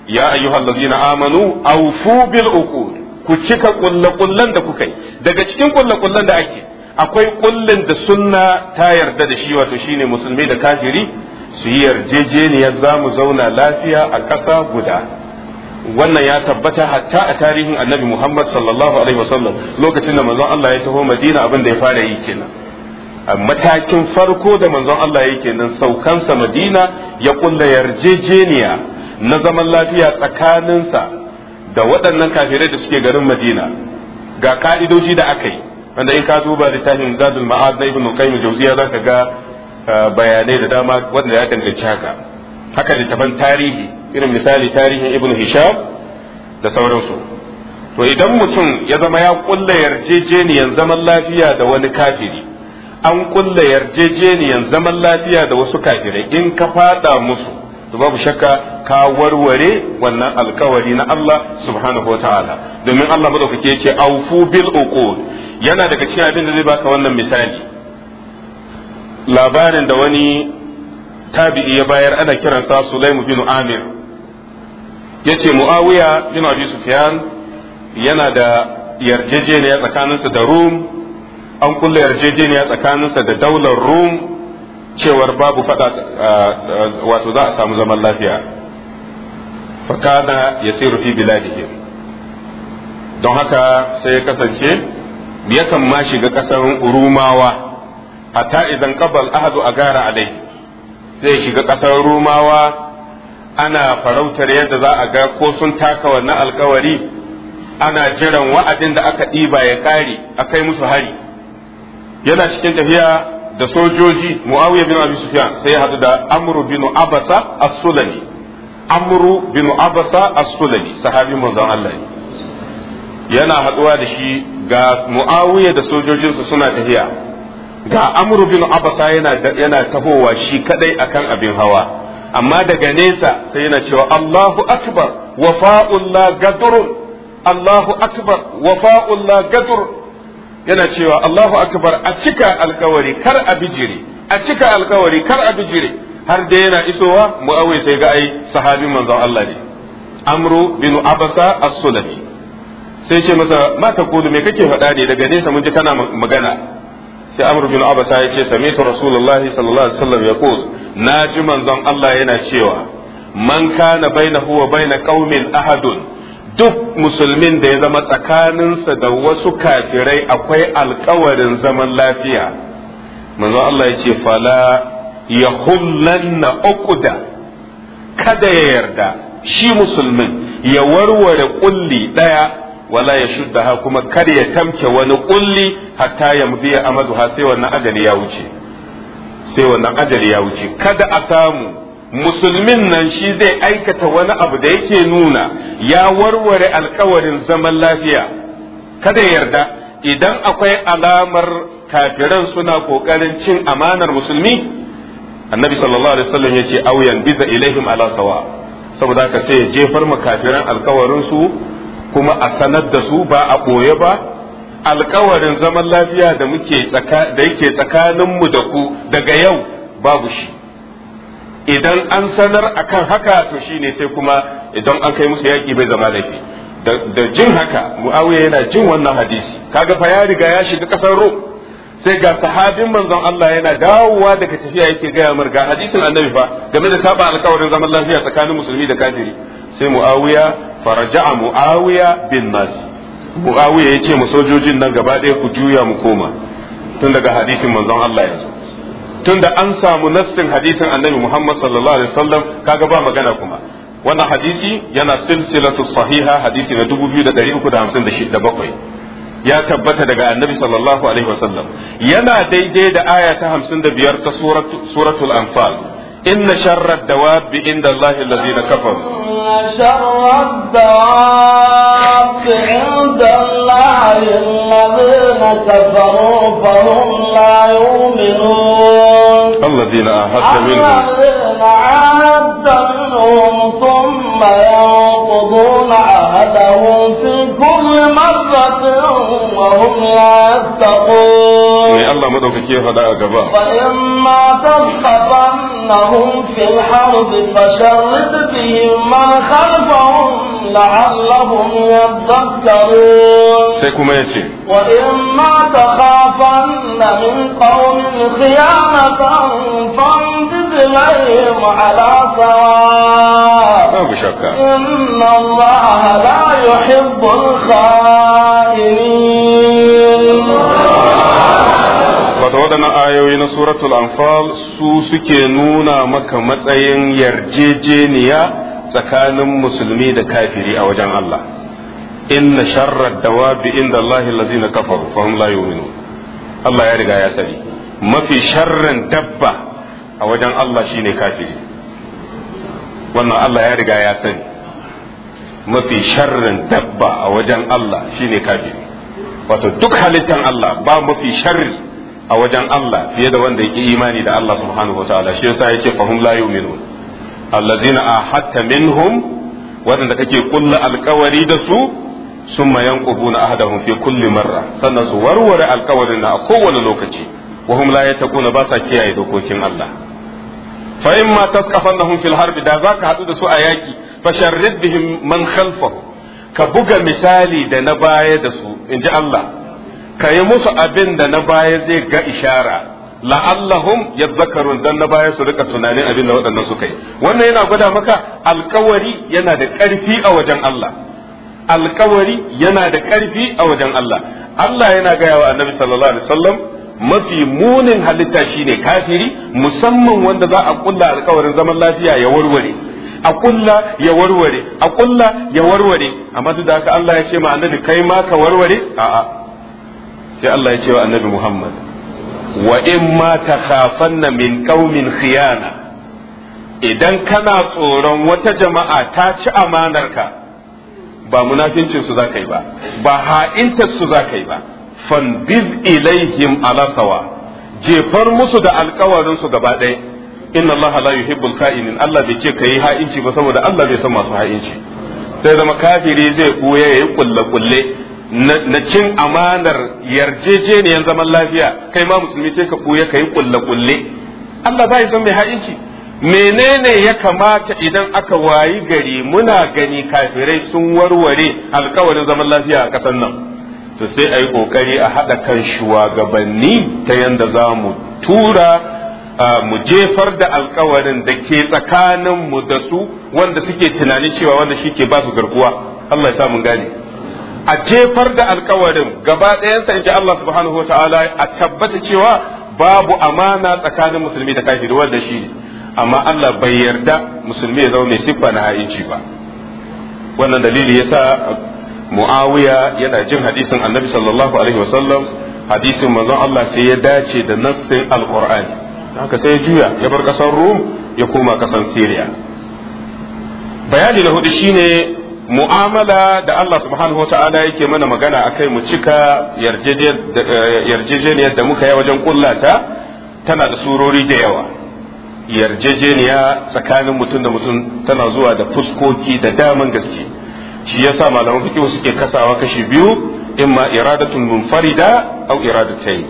ya ayyuhallazina amanu awfu bil uqud ku cika kulle-kullen da kuka yi daga cikin kulle-kullen da ake akwai kullin da sunna ta yarda da shi wato shine musulmi da kafiri su yi yarjejeniyar za mu zauna lafiya a ƙasa guda wannan ya tabbata hatta a tarihin annabi Muhammad sallallahu alaihi wasallam lokacin da manzon Allah ya taho Madina abin da ya fara yi kenan a matakin farko da manzon Allah ya kenan saukansa Madina ya kulla yarjejeniya na zaman lafiya tsakaninsa da waɗannan kafirai da suke garin Madina ga ka'idoji da aka yi wanda in ka duba littafin Zadul Ma'ad na Ibn Qayyim Jawziya zaka ga uh, bayanai da dama wanda ya danganci haka haka littafan tarihi irin misali tarihin ibn hisham da sauransu to idan mutum ya zama ya kulla yarjejeniyan zaman lafiya da wani kafiri an kulla yarjejeniyan zaman lafiya da wasu kafirai in ka fada musu to babu shakka ka warware wannan alkawari na Allah subhanahu wataala domin Allah madaukake ya ce aufu bil uqud yana daga cikin abin da zai baka wannan misali labarin da wani tabi'i ya bayar ana kiransa Sulaimu bin Amir yace Muawiya bin Abi Sufyan yana da yarjejeniya tsakaninsa da Rum an kulle yarjejeniya tsakaninsa da daular Rum cewar babu fada wato za a samu zaman lafiya fakana yasiru fi biladihim don haka sai ya kasance yakan ma shiga kasan Rumawa hatta idan qabal ahadu a agara alai zai shiga ƙasar rumawa ana farautar yadda za a ga ko sun taka wannan alkawari ana jiran wa'adin da aka ɗiba ya ƙare a kai musu hari yana cikin tafiya da sojoji muawiya bin abi sufyan sai ya hadu da amru bin abasa as sulani amru bin abasa as sulani sahabi manzon Allah yana haduwa da shi ga muawiya da sojojinsa suna tafiya ga amru bin abasa yana yana tahowa shi kadai akan abin hawa amma daga nesa sai yana cewa Allahu akbar wafa'un la gadrun Allahu akbar wafa'un la gadur yana cewa Allahu akbar a cika alkawari kar a bijire a cika alkawari kar a bijire har da yana isowa mu'awai sai ga ai sahabi manzo Allah ne amru bin abasa as-sulami sai ce masa ma kudu me kake faɗa ne daga nesa mun ji kana magana sai amr bin abasa ya ce samitu rasulullahi sallallahu alaihi wasallam ya qul na ji manzon Allah yana cewa man kana bainahu wa baina qaumin ahadun duk musulmin da ya zama tsakaninsa da wasu kafirai akwai alkawarin zaman lafiya manzon Allah ya ce fala yahullanna uqda kada ya yarda shi musulmin ya warware kulli daya wala ya shudda ha kuma kar ya tamke wani kulli hatta ya Amadu ha sai wannan ajali ya wuce sai wannan ajali ya wuce kada a samu musulmin nan shi zai aikata wani abu da yake nuna ya warware alkawarin zaman lafiya kada yarda idan akwai alamar kafiran suna kokarin cin amanar musulmi annabi sallallahu alaihi wasallam yace awyan biza ilaihim ala sawa saboda haka sai jefar jefar makafiran alkawarin su kuma a sanar da su ba a ɓoye ba alkawarin zaman lafiya da muke da yake tsakaninmu da ku daga yau babu shi idan an sanar akan haka to shine sai kuma idan an kai musu yaƙi bai zama laifi da jin haka muawiya yana jin wannan hadisi kaga fa ya riga ya shiga ƙasar ro sai ga sahabin manzon Allah yana dawowa daga tafiya yake gaya mar ga hadisin annabi fa game da saba alkawarin zaman lafiya tsakanin musulmi da kafiri sai muawiya faraja'a muawiya bin nas muawiya yace mu sojojin nan gaba ɗaya ku juya mu koma tun daga hadisin manzon Allah yanzu tun da an samu nassin hadisin annabi Muhammad sallallahu alaihi wasallam kaga ba magana kuma wannan hadisi yana silsilatu sahiha hadisi na 2357 ya tabbata daga annabi sallallahu alaihi wasallam yana daidai da aya ta 55 ta suratul anfal إن شر الدواب عند الله الذين كفروا شر الدواب عند الله الذين كفروا فهم لا يؤمنون الذين أعهدت منهم الذين ثم ينقضون عهدهم في كل مرة وهم لا يتقون الله مدوكك يا فإما تسقطن وهم في الحرب فشرد بهم من خلفهم لعلهم يذكرون وإما تخافن من قوم خيانة فانبذ إليهم على سواء إن الله لا يحب الخائنين wato waɗannan ayoyi na suratul anfal su suke nuna maka matsayin yarjejeniya tsakanin musulmi da kafiri a wajen Allah inna sharrad dawabi inda Allah allazina kafaru fa hum la yu'minun Allah ya riga ya sani mafi sharrin dabba a wajen Allah shine kafiri wannan Allah ya riga ya sani mafi sharrin dabba a wajen Allah shine kafiri wato duk halittan Allah ba mafi sharri a wajen Allah fiye da wanda yake imani da Allah subhanahu wataala shi yasa yake fahum la yu'minun allazina ahadta minhum wadanda kake kulla alkawari da su summa yanqubuna ahadahum fi kulli marra sannan su warware alkawarin na a kowane lokaci wa hum la yattaquna ba sa kiyaye dokokin Allah fa in ma tasqafannahum fil harb da ka hadu da su a yaki fasharrid bihim man khalfahu ka buga misali da na baya da su inji Allah ka yi musu abin da na baya zai ga ishara la'allahum zakarun dan na baya su rika tunanin abin da waɗannan suka yi wannan yana gwada maka alkawari yana da ƙarfi a wajen Allah alkawari yana da ƙarfi a wajen Allah Allah yana gaya wa annabi sallallahu alaihi wasallam mafi munin halitta shine kafiri musamman wanda za a kulla alkawarin zaman lafiya ya warware a kulla ya warware a kulla ya warware amma duk da haka Allah ya ce ma annabi kai ma ka warware a'a sai Allah ya ce wa annabi Muhammad wa in ma takhafanna min qaumin khiyana idan kana tsoron wata jama'a ta ci amanarka ba munafincin su yi ba ba ha'intar su zakai ba fanbiz ilaihim ala sawa jefar musu da alkawarin su gaba ɗaya inna Allah la yuhibbul kha'inin Allah bai ce kai ha'inci ba saboda Allah bai san masu ha'inci sai zama kafiri zai buya yayi kulle kulle na cin amanar yarjejeniyar zaman lafiya kai ma musulmi ce ka buya ka yi kulle-kulle Allah ba ya san mai ha'inci menene ya kamata idan aka wayi gari muna gani kafirai sun warware alkawarin zaman lafiya a ƙasar nan to sai a yi ƙoƙari a haɗa kan shugabanni ta yadda za mu tura mu jefar da alkawarin da ke tsakaninmu da su wanda suke tunanin cewa wanda shi ke ba su garkuwa Allah ya sa mun gane a jefar da alkawarin gaba ɗayansa in ji Allah subhanahu wa ta'ala a tabbata cewa babu amana tsakanin musulmi da kafiri wanda shi amma Allah bai yarda musulmi ya zama mai siffa na ha'inci ba wannan dalili yasa Muawiya yana jin hadisin Annabi sallallahu alaihi sallam hadisin manzon Allah sai ya dace da nassin Alqur'ani haka sai ya juya ya bar kasar Rum ya koma kasar Syria bayani na hudu shine mu'amala da Allah subhanahu wata'ala yake mana magana a kai mu cika eh, yarjejeniyar da muka yi wajen kullata tana da surori da yawa yarjejeniya tsakanin mutum da mutum tana zuwa da fuskoki da daman gaske shi yasa malaman fikihu suke kasawa kashi biyu imma iradatun munfarida au iradatayn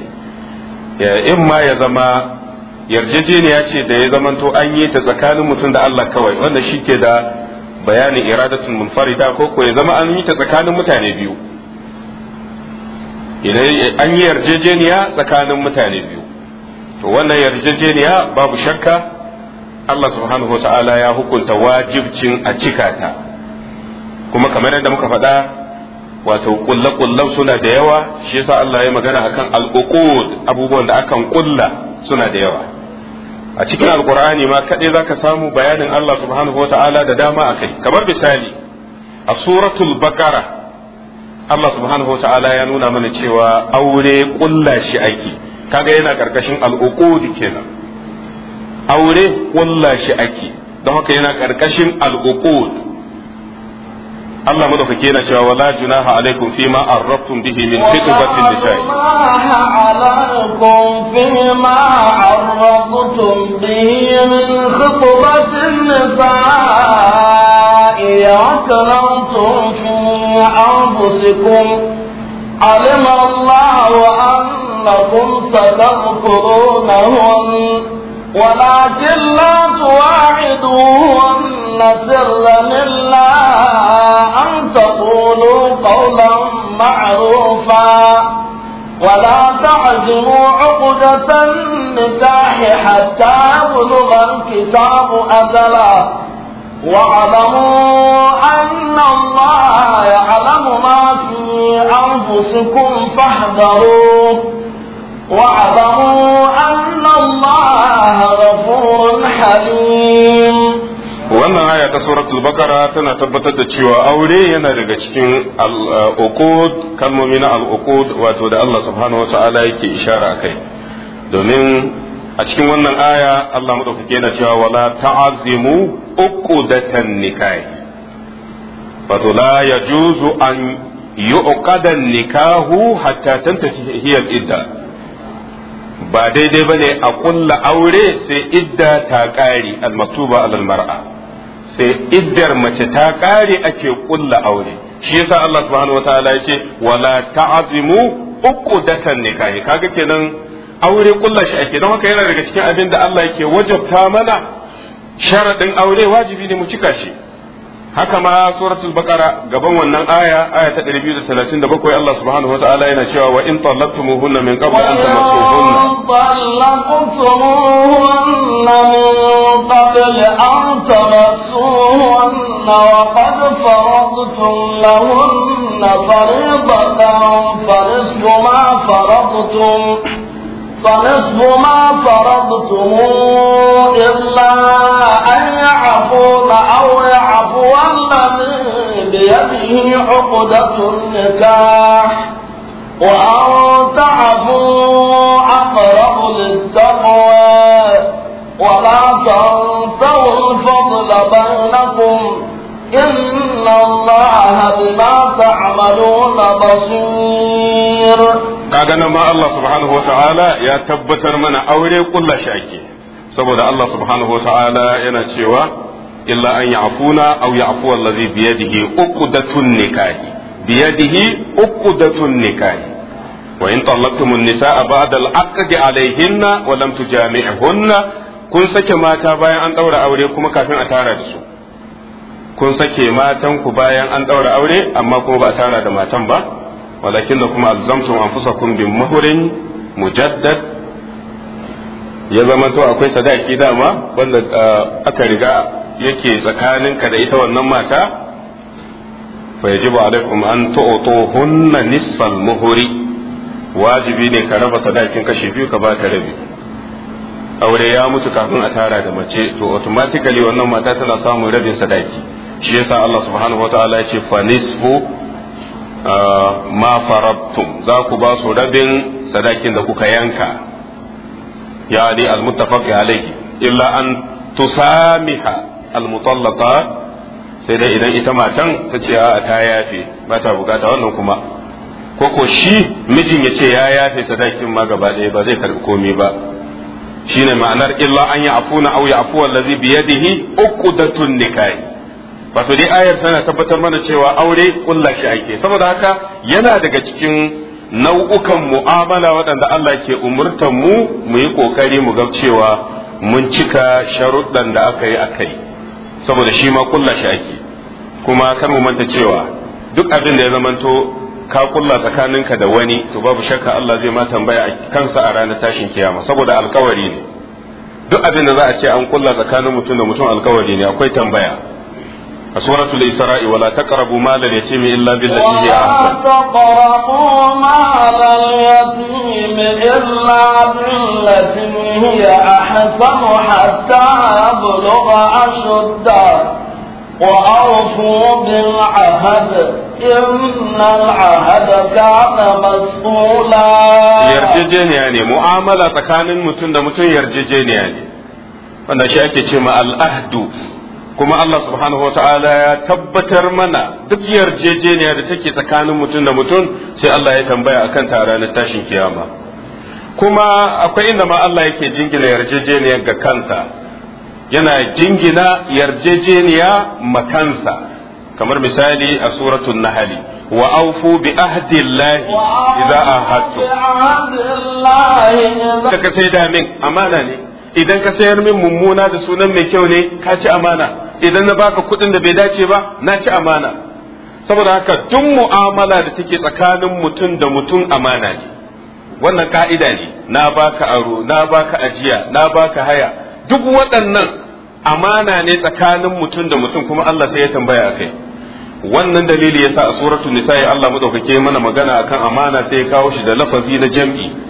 eh, imma ya zama yarjejeniya ce da ya zamanto an yi ta tsakanin mutum da Allah kawai wanda shi ke da bayanin iradatun munfarida ko ko ya zama an yi ta tsakanin mutane biyu idan an yi yarjejeniya tsakanin mutane biyu to wannan yarjejeniya babu shakka Allah subhanahu ya hukunta wajibcin a cikata kuma kamar yadda muka faɗa wato kulle-kullen suna da yawa shi yasa Allah ya magana akan al'uqud abubuwan da akan kulla suna da yawa a cikin alkur'ani ma kaɗai za ka samu bayanin Allah subhanahu wa ta'ala da dama a kai kamar misali a suratul bakara Allah subhanahu wa ta'ala ya nuna mana cewa aure ƙulla shi ake kaga yana ƙarƙashin al'uqudi kenan aure ƙulla shi ake don haka yana ƙarƙashin al'uqud الله مدوك كينا شوى ولا جناح عليكم فيما عرضتم به من خطبة النساء عليكم فيما عرضتم به من خطبة النساء أكرمتم في أنفسكم علم الله أنكم تذكرونهن ولكن لا تواعدوهن سرا لله تقولوا قولا معروفا ولا تعزموا عقدة النكاح حتى يبلغ الكتاب أجلا واعلموا أن الله يعلم ما في أنفسكم فاحذروه واعلموا أن الله غفور حليم wannan aya ta suratul bakara tana tabbatar da cewa aure yana daga cikin al'uqud kalmomi na al'uqud wato da Allah subhanahu wata'ala yake ishara kai domin a cikin wannan aya Allah madaukake yana cewa wala ta'azimu uqudatan nikahi wato la yajuzu an yuqada nikahu hatta tantahi hiya idda ba daidai bane a kulla aure sai idda ta kare al-maktuba al-mar'a sai iddar mace ta kare ake kulla aure shi yasa Allah subhanahu wataala yace wala ta'zimu uqdatan nikahi kaga kenan aure kulla shi ake don haka yana daga cikin abin da Allah yake wajabta mana sharadin aure wajibi ne mu cika shi haka ma suratul baqara gaban wannan aya aya ta 237 Allah subhanahu wataala yana cewa wa in talaqtumuhunna min qabli an tamassuhunna talaqtumuhunna min qabl an tamassuhunna wa qad faradtum lahunna fariidatan farisbu ma faradtum فنصف ما فرضتم إلا أن يعفون أو يعفو الذي بيده عقدة النكاح وأن تعفوا أقرب للتقوى ولا تنسوا الفضل بينكم إن الله بما تعملون بصير kaga nan ma Allah subhanahu wata'ala ya tabbatar mana aure kulla shi saboda Allah subhanahu wata'ala yana cewa illa an ya'funa aw ya'fu allazi biyadihi uqdatun nikahi biyadihi uqdatun nikahi wa in talaqtum nisaa ba'da al-aqdi alayhinna wa lam tujami'hunna kun sake mata bayan an daura aure kuma kafin a tara da su kun sake matan ku bayan an daura aure amma kuma ba tara da matan ba walakin da kuma alzamtum anfusakum bi muhrin mujaddad ya zama to akwai sadaki dama wanda eh, aka riga yake ka da ita wannan mata fa yajibu alaikum an tu'tuhunna nisfal muhri wajibi ne ka raba sadakin kashi biyu ka ba ta rabi aure ya mutu kafin a tara da mace to automatically wannan mata tana samun rabin sadaki shi yasa Allah subhanahu wataala ya ce fa nisfu ah, ma farabtum za ku ba su rabin sadakin da kuka yanka ya ni almuttafaq alayhi illa an tusamiha almutallaqa sai dai idan ita matan ta ce a ta yafe ba ta bukata wannan kuma ko ko shi mijin ya ce ya yafe sadakin ma gaba ɗaya ba zai karbi komai ba shine ma'anar illa an ya afuna lazibi ya afuwa allazi biyadihi uqdatun nikahi wato dai ayar tana tabbatar mana cewa aure kulla shi ake saboda haka yana daga cikin nau'ukan mu'amala waɗanda Allah ke umurtan mu mu yi kokari mu ga cewa mun cika sharuɗan da aka yi akai saboda shi ma kulla shi ake kuma kar mu manta cewa duk abin da ya zamanto ka kulla tsakaninka da wani to babu shakka Allah zai ma tambaya kansa a ranar tashin kiyama saboda alkawari ne duk abin da za a ce an kulla tsakanin mutum da mutum alkawari ne akwai tambaya سورة الإسراء ولا تقربوا مال اليتيم إلا بالتي هي أحسن ولا تقربوا مال اليتيم إلا بالتي هي أحسن حتى يبلغ أشده وأوفوا بالعهد إن العهد كان مسؤولا يرججين يعني معاملة كان المتن ده متن يرججين يعني وانا shi ake kuma Allah subhanahu wa ta'ala ya tabbatar mana duk yarjejeniya da take tsakanin mutum da mutum sai Allah ya tambaya akan ta ranar tashin kiyama kuma akwai inda ma Allah yake jingina yarjejeniya ga kansa yana jingina yarjejeniya makansa kamar misali a suratul nahali wa aufu bi ahdillahi idza ahadtu ka sai damin amana ne idan ka sayar min mummuna da sunan mai kyau ne ka ci amana idan na baka kuɗin da bai dace ba na ci amana saboda haka duk mu'amala da take tsakanin mutum da mutum amana ne wannan ka'ida ne na baka aro na baka ajiya na baka haya duk waɗannan amana ne tsakanin mutum da mutum kuma Allah sai ya tambaya kai. wannan dalili yasa a suratul nisa'i Allah madaukake mana magana akan amana sai ya kawo shi da lafazi na jam'i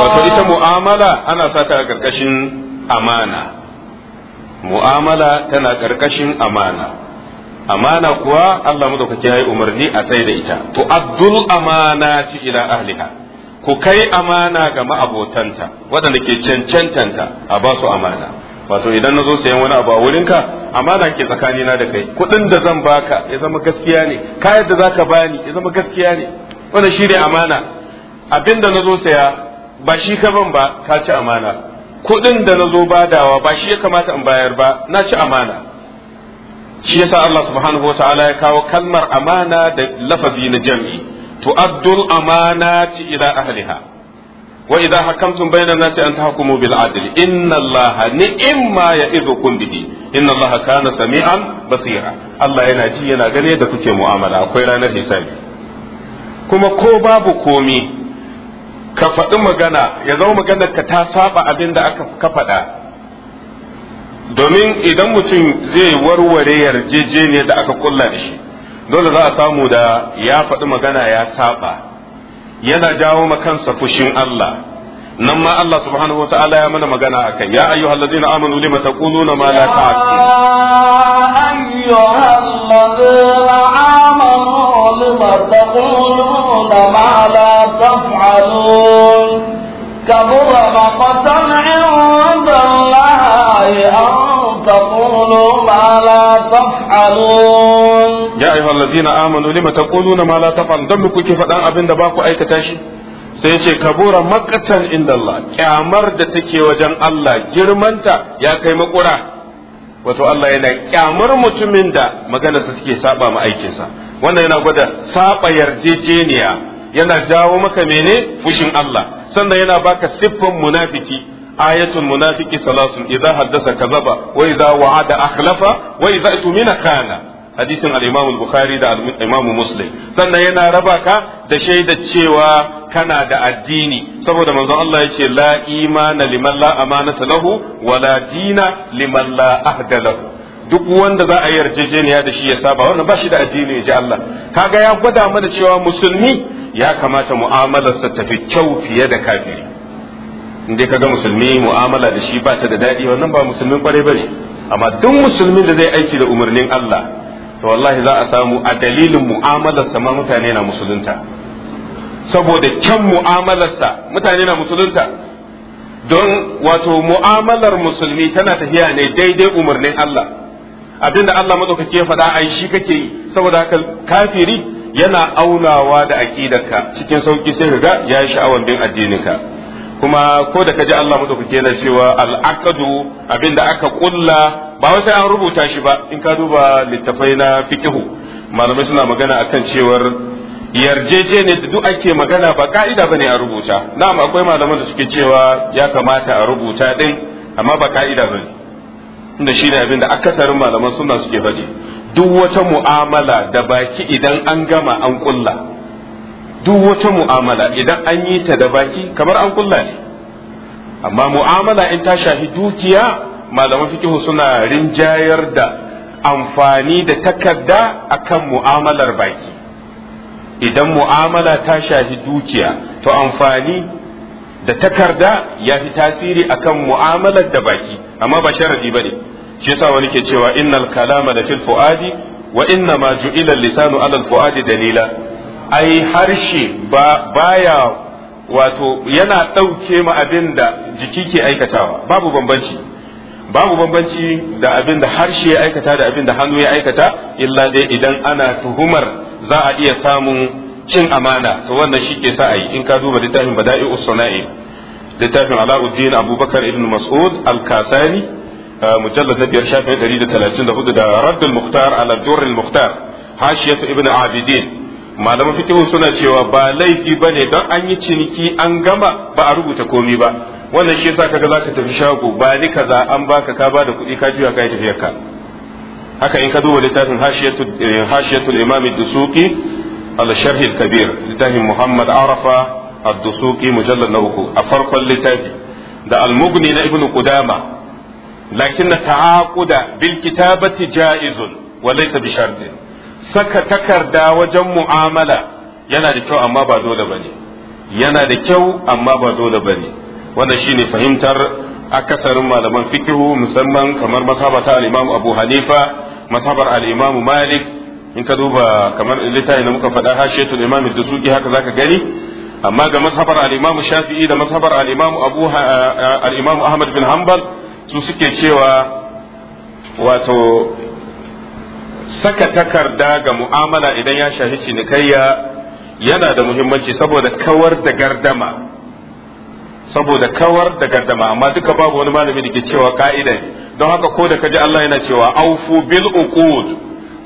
wato ita mu'amala ana saka a ƙarƙashin amana mu'amala tana ƙarƙashin amana amana kuwa Allah madaukaki ya yi umarni a tsaye da ita to abdul amana ci ila ahliha ku kai amana ga ma'abotanta waɗanda ke cancantanta a ba su amana wato idan na zo sayan wani abu a wurinka amana ke tsakani na da kai kuɗin da zan baka ya zama gaskiya ne kayan da zaka bani ya zama gaskiya ne wannan shine amana abin da na zo saya ba shi ka ban ba ka ci amana kuɗin da na zo badawa ba shi ya kamata in bayar ba na ci amana shi yasa Allah subhanahu wa ta'ala ya kawo kalmar amana da lafazi na jam'i tu'addul amanati ila ahliha wa idza bai da nasi an tahkumu bil in ma ya izo kun bihi inna kana sami'an basira Allah yana ji yana gane da kuke mu'amala akwai ranar hisabi kuma ko babu komi ka faɗi magana ya zama maganar ka ta saba abin da aka ka faɗa domin idan mutum zai warware yarjejeniyar da aka kulla da shi dole za a samu da ya faɗi magana ya saba yana jawo ma kansa fushin Allah nan ma Allah subhanahu wa ta'ala ya mana magana akai ya ayyuhal ladzina amanu lima taquluna ma la ta'lamun ayyuhal ladzina amanu lima taquluna ma la taf'alun kabura maqtan تقولوا ما لا تفعلون يا أيها الذين آمنوا لما تقولون ما لا تفعلون دمكم كيف أن أبن دباكو أي كتاشي sai ce kabura makatan inda Allah kyamar da take wajen Allah girmanta ya kai makura wato Allah yana kyamar mutumin da maganarsa suke saba ma aikinsa wannan yana gwada saba yarjejeniya yana jawo maka mene fushin Allah sannan yana baka siffan munafiki ayatul munafiki salasun za haddasa kazaba wa idza wa'ada akhlafa wa idza tumina kana hadisin al-imam bukhari da al muslim sannan yana raba ka da shaida cewa kana da addini saboda manzon Allah yace la imana liman la amanata lahu wa dina liman la ahda lahu duk wanda za a yi yarjejeniya da shi ya saba wannan ba shi da addini ji Allah kaga ya gwada mana cewa musulmi ya kamata mu'amalar mu'amalarsa tafi kyau fiye da kafiri In ka kaga musulmi mu'amala da shi ba ta da daɗi wannan ba musulmin kwarai bane amma duk musulmin da zai aiki da umarnin Allah to wallahi za a samu a dalilin mu'amalarsa ma mutane na musulunta saboda kyan mu'amalarsa mutane na musulunta don wato mu'amalar musulmi tana tafiya ne daidai umarnin Allah abinda Allah madaukake ya faɗa ai shi kake yi saboda haka kafiri yana aunawa da aqidarka cikin sauki sai ka ya yi sha'awan bin ka. kuma ko da kaji Allah madaukake yana cewa al'aqdu abinda aka kulla ba wai sai an rubuta shi ba in ka duba littafai na fikihu malamai suna magana akan cewar yarjejeniyar da duk ake magana ba ka'ida bane a rubuta na'am akwai malaman da suke cewa ya kamata a rubuta din amma ba ka'ida bane inda shi ne abin akasarin malaman suna suke faɗi duk wata mu'amala da baki idan an gama an kulla duk wata mu'amala idan an yi ta da baki kamar an kulla ne amma mu'amala in ta shafi dukiya malaman fikihu suna rinjayar da amfani da takarda akan mu'amalar baki idan mu'amala ta shafi dukiya to amfani da takarda ya fi tasiri akan mu'amalar da baki amma ba sharadi ne shi yasa wani ke cewa innal kalama da fil fuadi wa inna ma ju'ila lisanu alal al fuadi dalila ai harshe ba baya wato yana ɗauke ma abin da jiki ke aikatawa babu bambanci babu bambanci da abin da harshe ya aikata da abin da hannu ya aikata illa dai idan ana tuhumar za a iya samun cin amana to wannan shi ke sa a yi in ka duba littafin bada'i usana'i littafin ala'uddin abubakar ibn mas'ud al-kasani mujallad na biyar shafin 134 da raddul muhtar ala durrul muhtar hashiyatu ibn abidin malaman fikihu suna cewa ba laifi ne don an yi ciniki an gama ba a rubuta komi ba wannan shi yasa kaga zaka tafi shago ba ni kaza an baka ka bada kuɗi ka juya kai tafiyar ka haka in ka duba littafin hashiyatul eh, hashiyatul imam ad-dusuqi al-sharh al-kabir littafin muhammad arafa ad-dusuqi mujallad na uku a farkon littafi da al-mughni na ibnu qudama lakin ta'aquda bil kitabati jaizun wa laysa bi shartin saka takarda wajen mu'amala yana da kyau amma ba dole bane yana da kyau amma ba dole bane wanda shine fahimtar akasarin malaman fikihu musamman kamar masabata al-Imam Abu Hanifa masabar al-Imam Malik in ka duba kamar littafi da muka faɗa hashiyatul Imam Dusuki haka zaka gani amma ga masabar al-Imam Shafi'i da masabar al-Imam Abu al-Imam Ahmad bin Hanbal su suke cewa wato saka takarda ga mu'amala idan ya shafi cinikayya yana da muhimmanci saboda kawar da gardama saboda kawar da gardama amma duka babu wani malami da ke cewa ka'ida don haka ko da kaji Allah yana cewa aufu bil uqud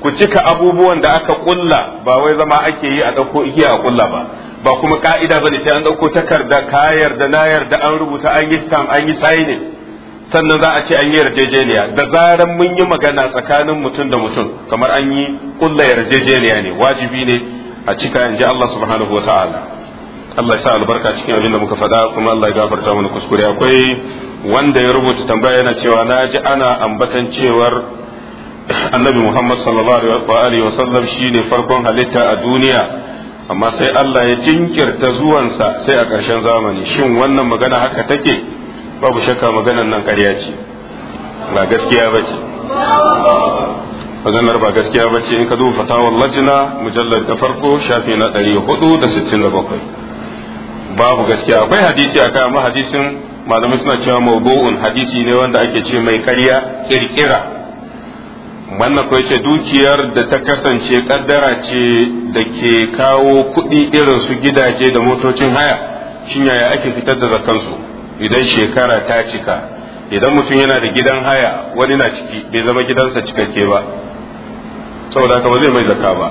ku cika abubuwan da aka kulla ba wai zama ake yi a dauko igiya a kulla ba ba kuma ka'ida bane sai an dauko takarda kayar da nayar da an rubuta an yi stamp an yi signing sannan za a ce an yi yarjejeniya da zaran mun yi magana tsakanin mutum da mutum kamar an yi kulla yarjejeniya ne wajibi ne a cika in ji Allah subhanahu wa ta'ala Allah ya sa albarka cikin abin da muka faɗa kuma Allah ya gafarta mana kuskure akwai wanda ya rubuta tambaya yana cewa na ji ana ambatan cewar annabi Muhammad sallallahu alaihi wa sallam shine farkon halitta a duniya amma sai Allah ya jinkirta zuwansa sai a ƙarshen zamani shin wannan magana haka take babu shakka maganar nan ƙarya ce ba gaskiya ba ce maganar ba gaskiya ba ce in ka duba fatawar lajina mujallar da farko shafi na ɗari hudu da sittin da bakwai babu gaskiya akwai hadisi a kan amma malamai suna cewa mawdu'un hadisi ne wanda ake ce mai ƙarya ƙirƙira. wannan ko ce dukiyar da ta kasance kaddara ce da ke kawo kuɗi irin su gidaje da motocin haya shin yaya ake fitar da zakansu idan shekara ta cika idan mutum yana da gidan haya wani na ciki bai zama gidansa cikakke ba saboda haka ba zai mai zaka ba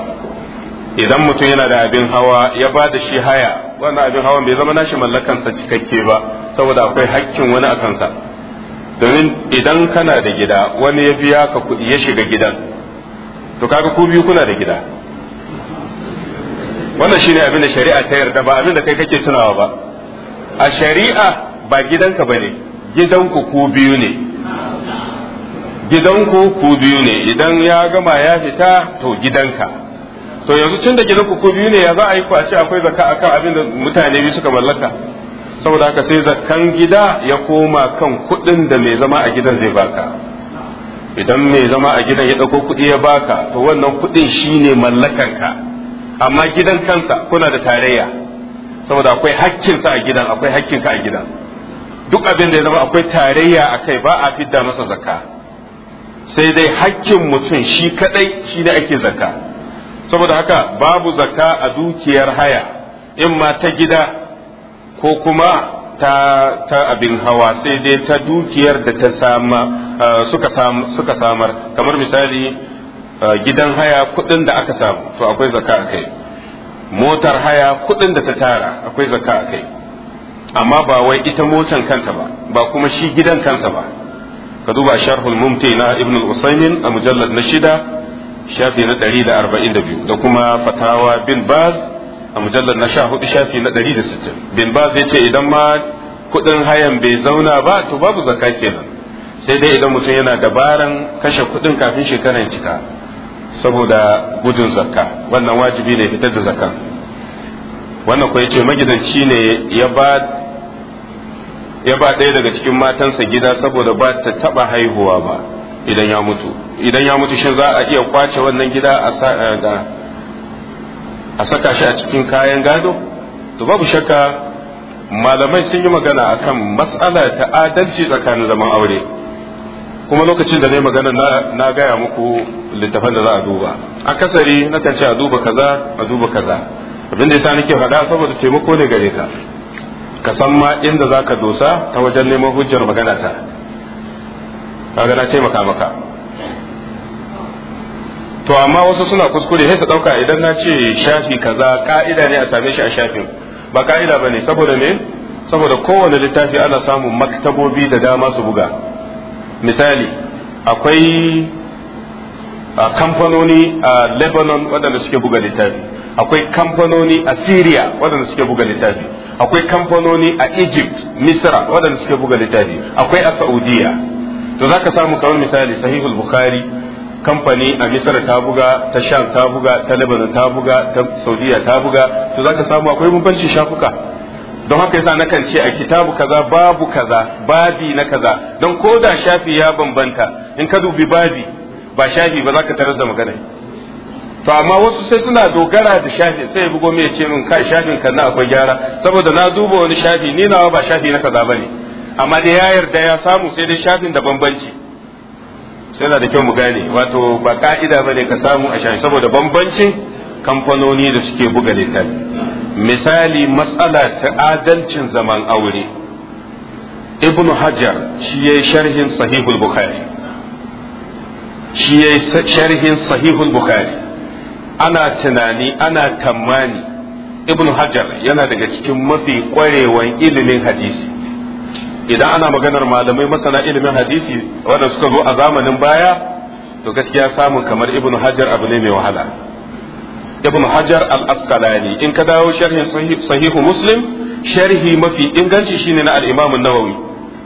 idan mutum yana da abin hawa ya ba da shi haya wannan abin hawan bai zama nashi mallakansa cikakke ba saboda akwai hakkin wani a kansa domin idan kana da gida wani ya biya ka kuɗi ya shiga gidan to kaga ku biyu kuna da gida wannan shine abin da shari'a ta yarda ba abin da kai kake tunawa ba a shari'a ba gidanka ba ne gidanku ku biyu ne gidanku ku biyu ne idan ya gama ya fita to gidanka to yanzu tun da gidanku ku biyu ne ya za a yi kwace akwai zakka akan abin da mutane biyu suka mallaka saboda haka sai zakan gida ya koma kan kuɗin da mai zama a gidan zai baka idan mai zama a gidan ya ɗauko kuɗi ya baka to wannan kuɗin shine ka amma gidan kansa kuna da tarayya saboda akwai hakkinsa a gidan akwai hakkinka a gidan duk abin da ya zama akwai tarayya a kai ba a fidda masa zakka sai dai hakkin mutum shi kadai shi ne ake zakka saboda haka babu zakka a dukiyar haya in ma ta gida ko kuma ta ta abin hawa sai dai ta dukiyar da ta sama suka suka samar kamar misali gidan haya kudin da aka samu to akwai zakka a kai motar haya kudin da ta tara akwai zakka a kai amma ba wai ita motan kanta ba ba kuma shi gidan kansa ba ka duba sharhul mumti na ibn al-usaymin a mujallad na shida shafi na 142 da kuma fatawa bin baz a mujallad na 14 shafi na 160 bin baz ya ce idan ma kudin hayan bai zauna ba to babu zakka kenan sai dai idan mutum yana dabaran kashe kudin kafin shekaran cika saboda gudun zakka wannan wajibi ne fitar da zakka wannan kuwa ce magidanci ne ya ba ɗaya daga cikin matansa gida saboda ba ta taɓa haihuwa ba idan ya mutu idan ya mutu shi za a iya kwace wannan gida eh, a saka shi a cikin kayan gado to babu shakka malamai sun yi magana a kan matsala ta adalci tsakanin zaman aure kuma lokacin da na yi magana na gaya muku littafan da za a duba akasari na kan ce a duba kaza a duba kaza abin da yasa nake faɗa saboda taimako ne gare ka ka san ma inda zaka dosa ta wajen neman hujjar magana ta kaga na taimaka maka to amma wasu suna kuskure sai su dauka idan na ce shafi kaza ka'ida ne a same shi a shafin ba ka'ida bane saboda me saboda kowane littafi ana samun maktabobi da dama su buga misali akwai kamfanoni a lebanon waɗanda suke buga littafi akwai kamfanoni a Syria waɗanda suke buga littafi akwai kamfanoni a Egypt Misra waɗanda suke buga littafi akwai a Saudiya to zaka samu kamar misali sahihul Bukhari kamfani a Misra ta buga ta Sham ta buga ta Lebanon ta buga ta Saudiya ta buga to zaka samu akwai bambanci shafuka don haka yasa nakan ce a kitabu kaza babu kaza babi na kaza don ko da shafi ya bambanta in ka dubi babi ba shafi ba zaka tarar da magana to amma wasu sai suna dogara da shafi sai ya bugo mai ce min kai shafin kan na akwai gyara saboda na duba wani shafi ni nawa ba shafi na kaza bane amma da ya yarda ya samu sai dai shafin da bambanci sai na da kyau mu gane wato ba ka'ida bane ka samu a shafi saboda bambancin kamfanoni da suke buga littafi misali matsala ta adalcin zaman aure ibnu hajar shi yayi sharhin sahihul bukhari shi yayi sharhin sahihul bukhari ana tunani ana tammani ibn hajar yana daga cikin mafi kwarewan ilimin hadisi idan ana maganar malamai masana ilimin hadisi wanda suka zo a zamanin baya to gaskiya samun kamar ibn hajar abu ne mai wahala ibn hajar al-asqalani in ka dawo sharhin sahihu muslim sharhi mafi inganci shine na al-imam an-nawawi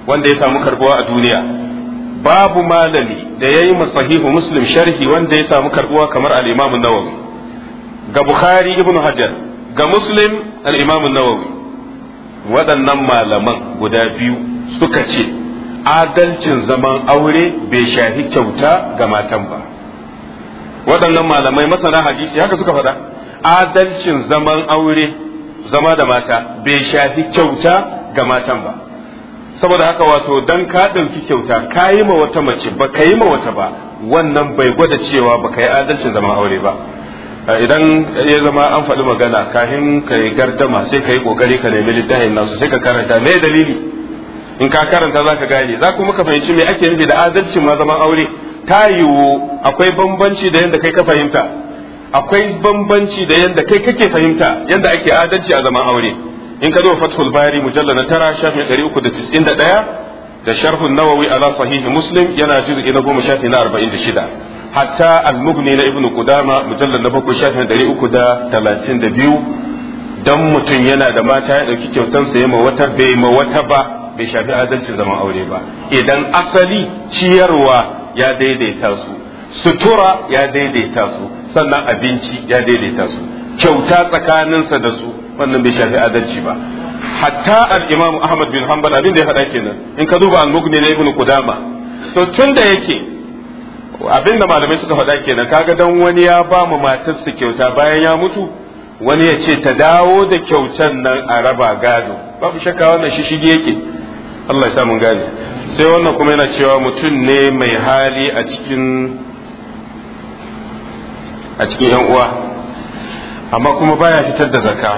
wanda ya samu karbuwa a duniya babu malami da yayi sahihu muslim sharhi wanda ya samu karbuwa kamar al-imam an-nawawi ga bukhari ibn hajar ga muslim al-imam nawawi waɗannan malaman guda biyu suka ce adalcin zaman aure bai shafi kyauta ga matan ba waɗannan malamai masana hadisi haka suka faɗa adalcin zaman aure zama da mata bai shafi kyauta ga matan ba saboda haka wato dan ka ɗauki kyauta ka yi ma wata mace ba ka yi ma wata ba wannan bai gwada cewa ba ka yi adalcin zaman aure ba idan ya zama an faɗi magana kafin ka yi gardama sai ka yi ƙoƙari ka nemi littafin nasu sai ka karanta me dalili in ka karanta za ka gane za kuma ka fahimci me ake nufi da adalcin ma zaman aure ta yiwu akwai bambanci da yadda kai ka fahimta akwai bambanci da yadda kai kake fahimta yadda ake adalci a zaman aure in ka zo fathul bari Mujallar, na tara shafin ɗari uku da tis'in da ɗaya da sharhun nawawi ala sahihi muslim yana juz'i na goma shafi na arba'in da shida hatta al-mughni na ibnu kudama mujallar na bakwai shafin ɗari uku da talatin da biyu dan mutum yana da mata ya ɗauki kyautan sa ma wata bai ma wata ba bai shafi adalci zaman aure ba idan asali ciyarwa ya daidaita su sutura ya daidaita su sannan abinci ya daidaita su kyauta tsakaninsa da su wannan bai shafi adalci ba hatta al-imam ahmad bin hanbal abin da ya faɗa kenan in ka duba al-mughni na ibnu kudama to tunda yake abinda malamai suka faɗa kenan kaga dan wani ya ba mu matarsa kyauta bayan ya mutu wani ya ce ta dawo da kyautan nan a raba gado babu shakka wannan shi shige yake Allah ya mun gane sai wannan kuma yana cewa mutum ne mai hali a cikin a cikin yan uwa amma kuma baya fitar da zakka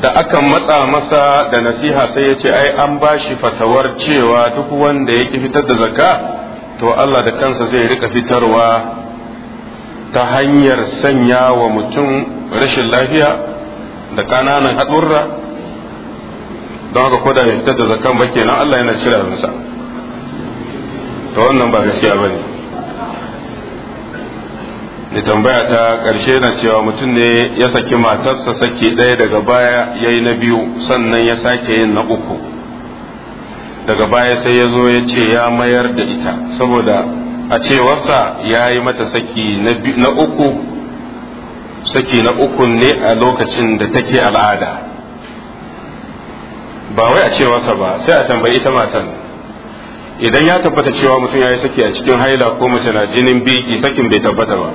da akan matsa masa da nasiha sai ya ce ai an bashi fatawar cewa duk wanda ya ki fitar da zakka to Allah da kansa zai rika fitarwa ta hanyar sanya wa mutum rashin lafiya da ƙananan haɗurra don haka koda ya fitar da zakan ba kenan Allah yana cire abinsa to wannan ba gaskiya ba ne da tambaya ta ƙarshe na cewa mutum ne ya saki matarsa saki ɗaya daga baya ya yi na biyu sannan ya sake yin na uku daga baya sai ya zo ya ce ya mayar da ita saboda a cewarsa ya yi mata saki na uku saki na uku ne a lokacin da take al'ada ba wai a cewarsa ba sai a tambayi ita matan idan ya tabbata cewa mutum ya yi saki a cikin haila ko mace na jinin biki sakin bai tabbata ba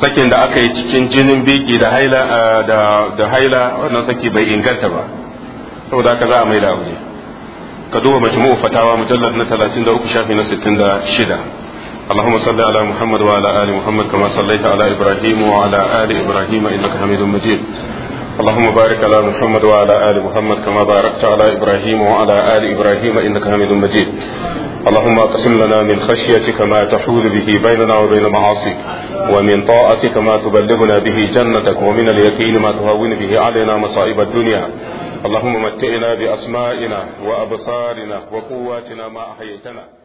sakin da aka yi cikin jinin biki da haila wannan saki bai inganta ba saboda haka za a mai da ka duba majmu'u fatawa mujallad na 33 shafi na 66 اللهم صل على محمد وعلى آل محمد كما صليت على إبراهيم وعلى آل إبراهيم إنك حميد مجيد اللهم بارك على محمد وعلى آل محمد كما باركت على إبراهيم وعلى آل إبراهيم إنك حميد مجيد اللهم اقسم لنا من خشيتك ما تحول به بيننا وبين معاصيك ومن طاعتك ما تبلغنا به جنتك ومن اليقين ما تهون به علينا مصائب الدنيا اللهم متئنا بأسمائنا وأبصارنا وقواتنا ما أحييتنا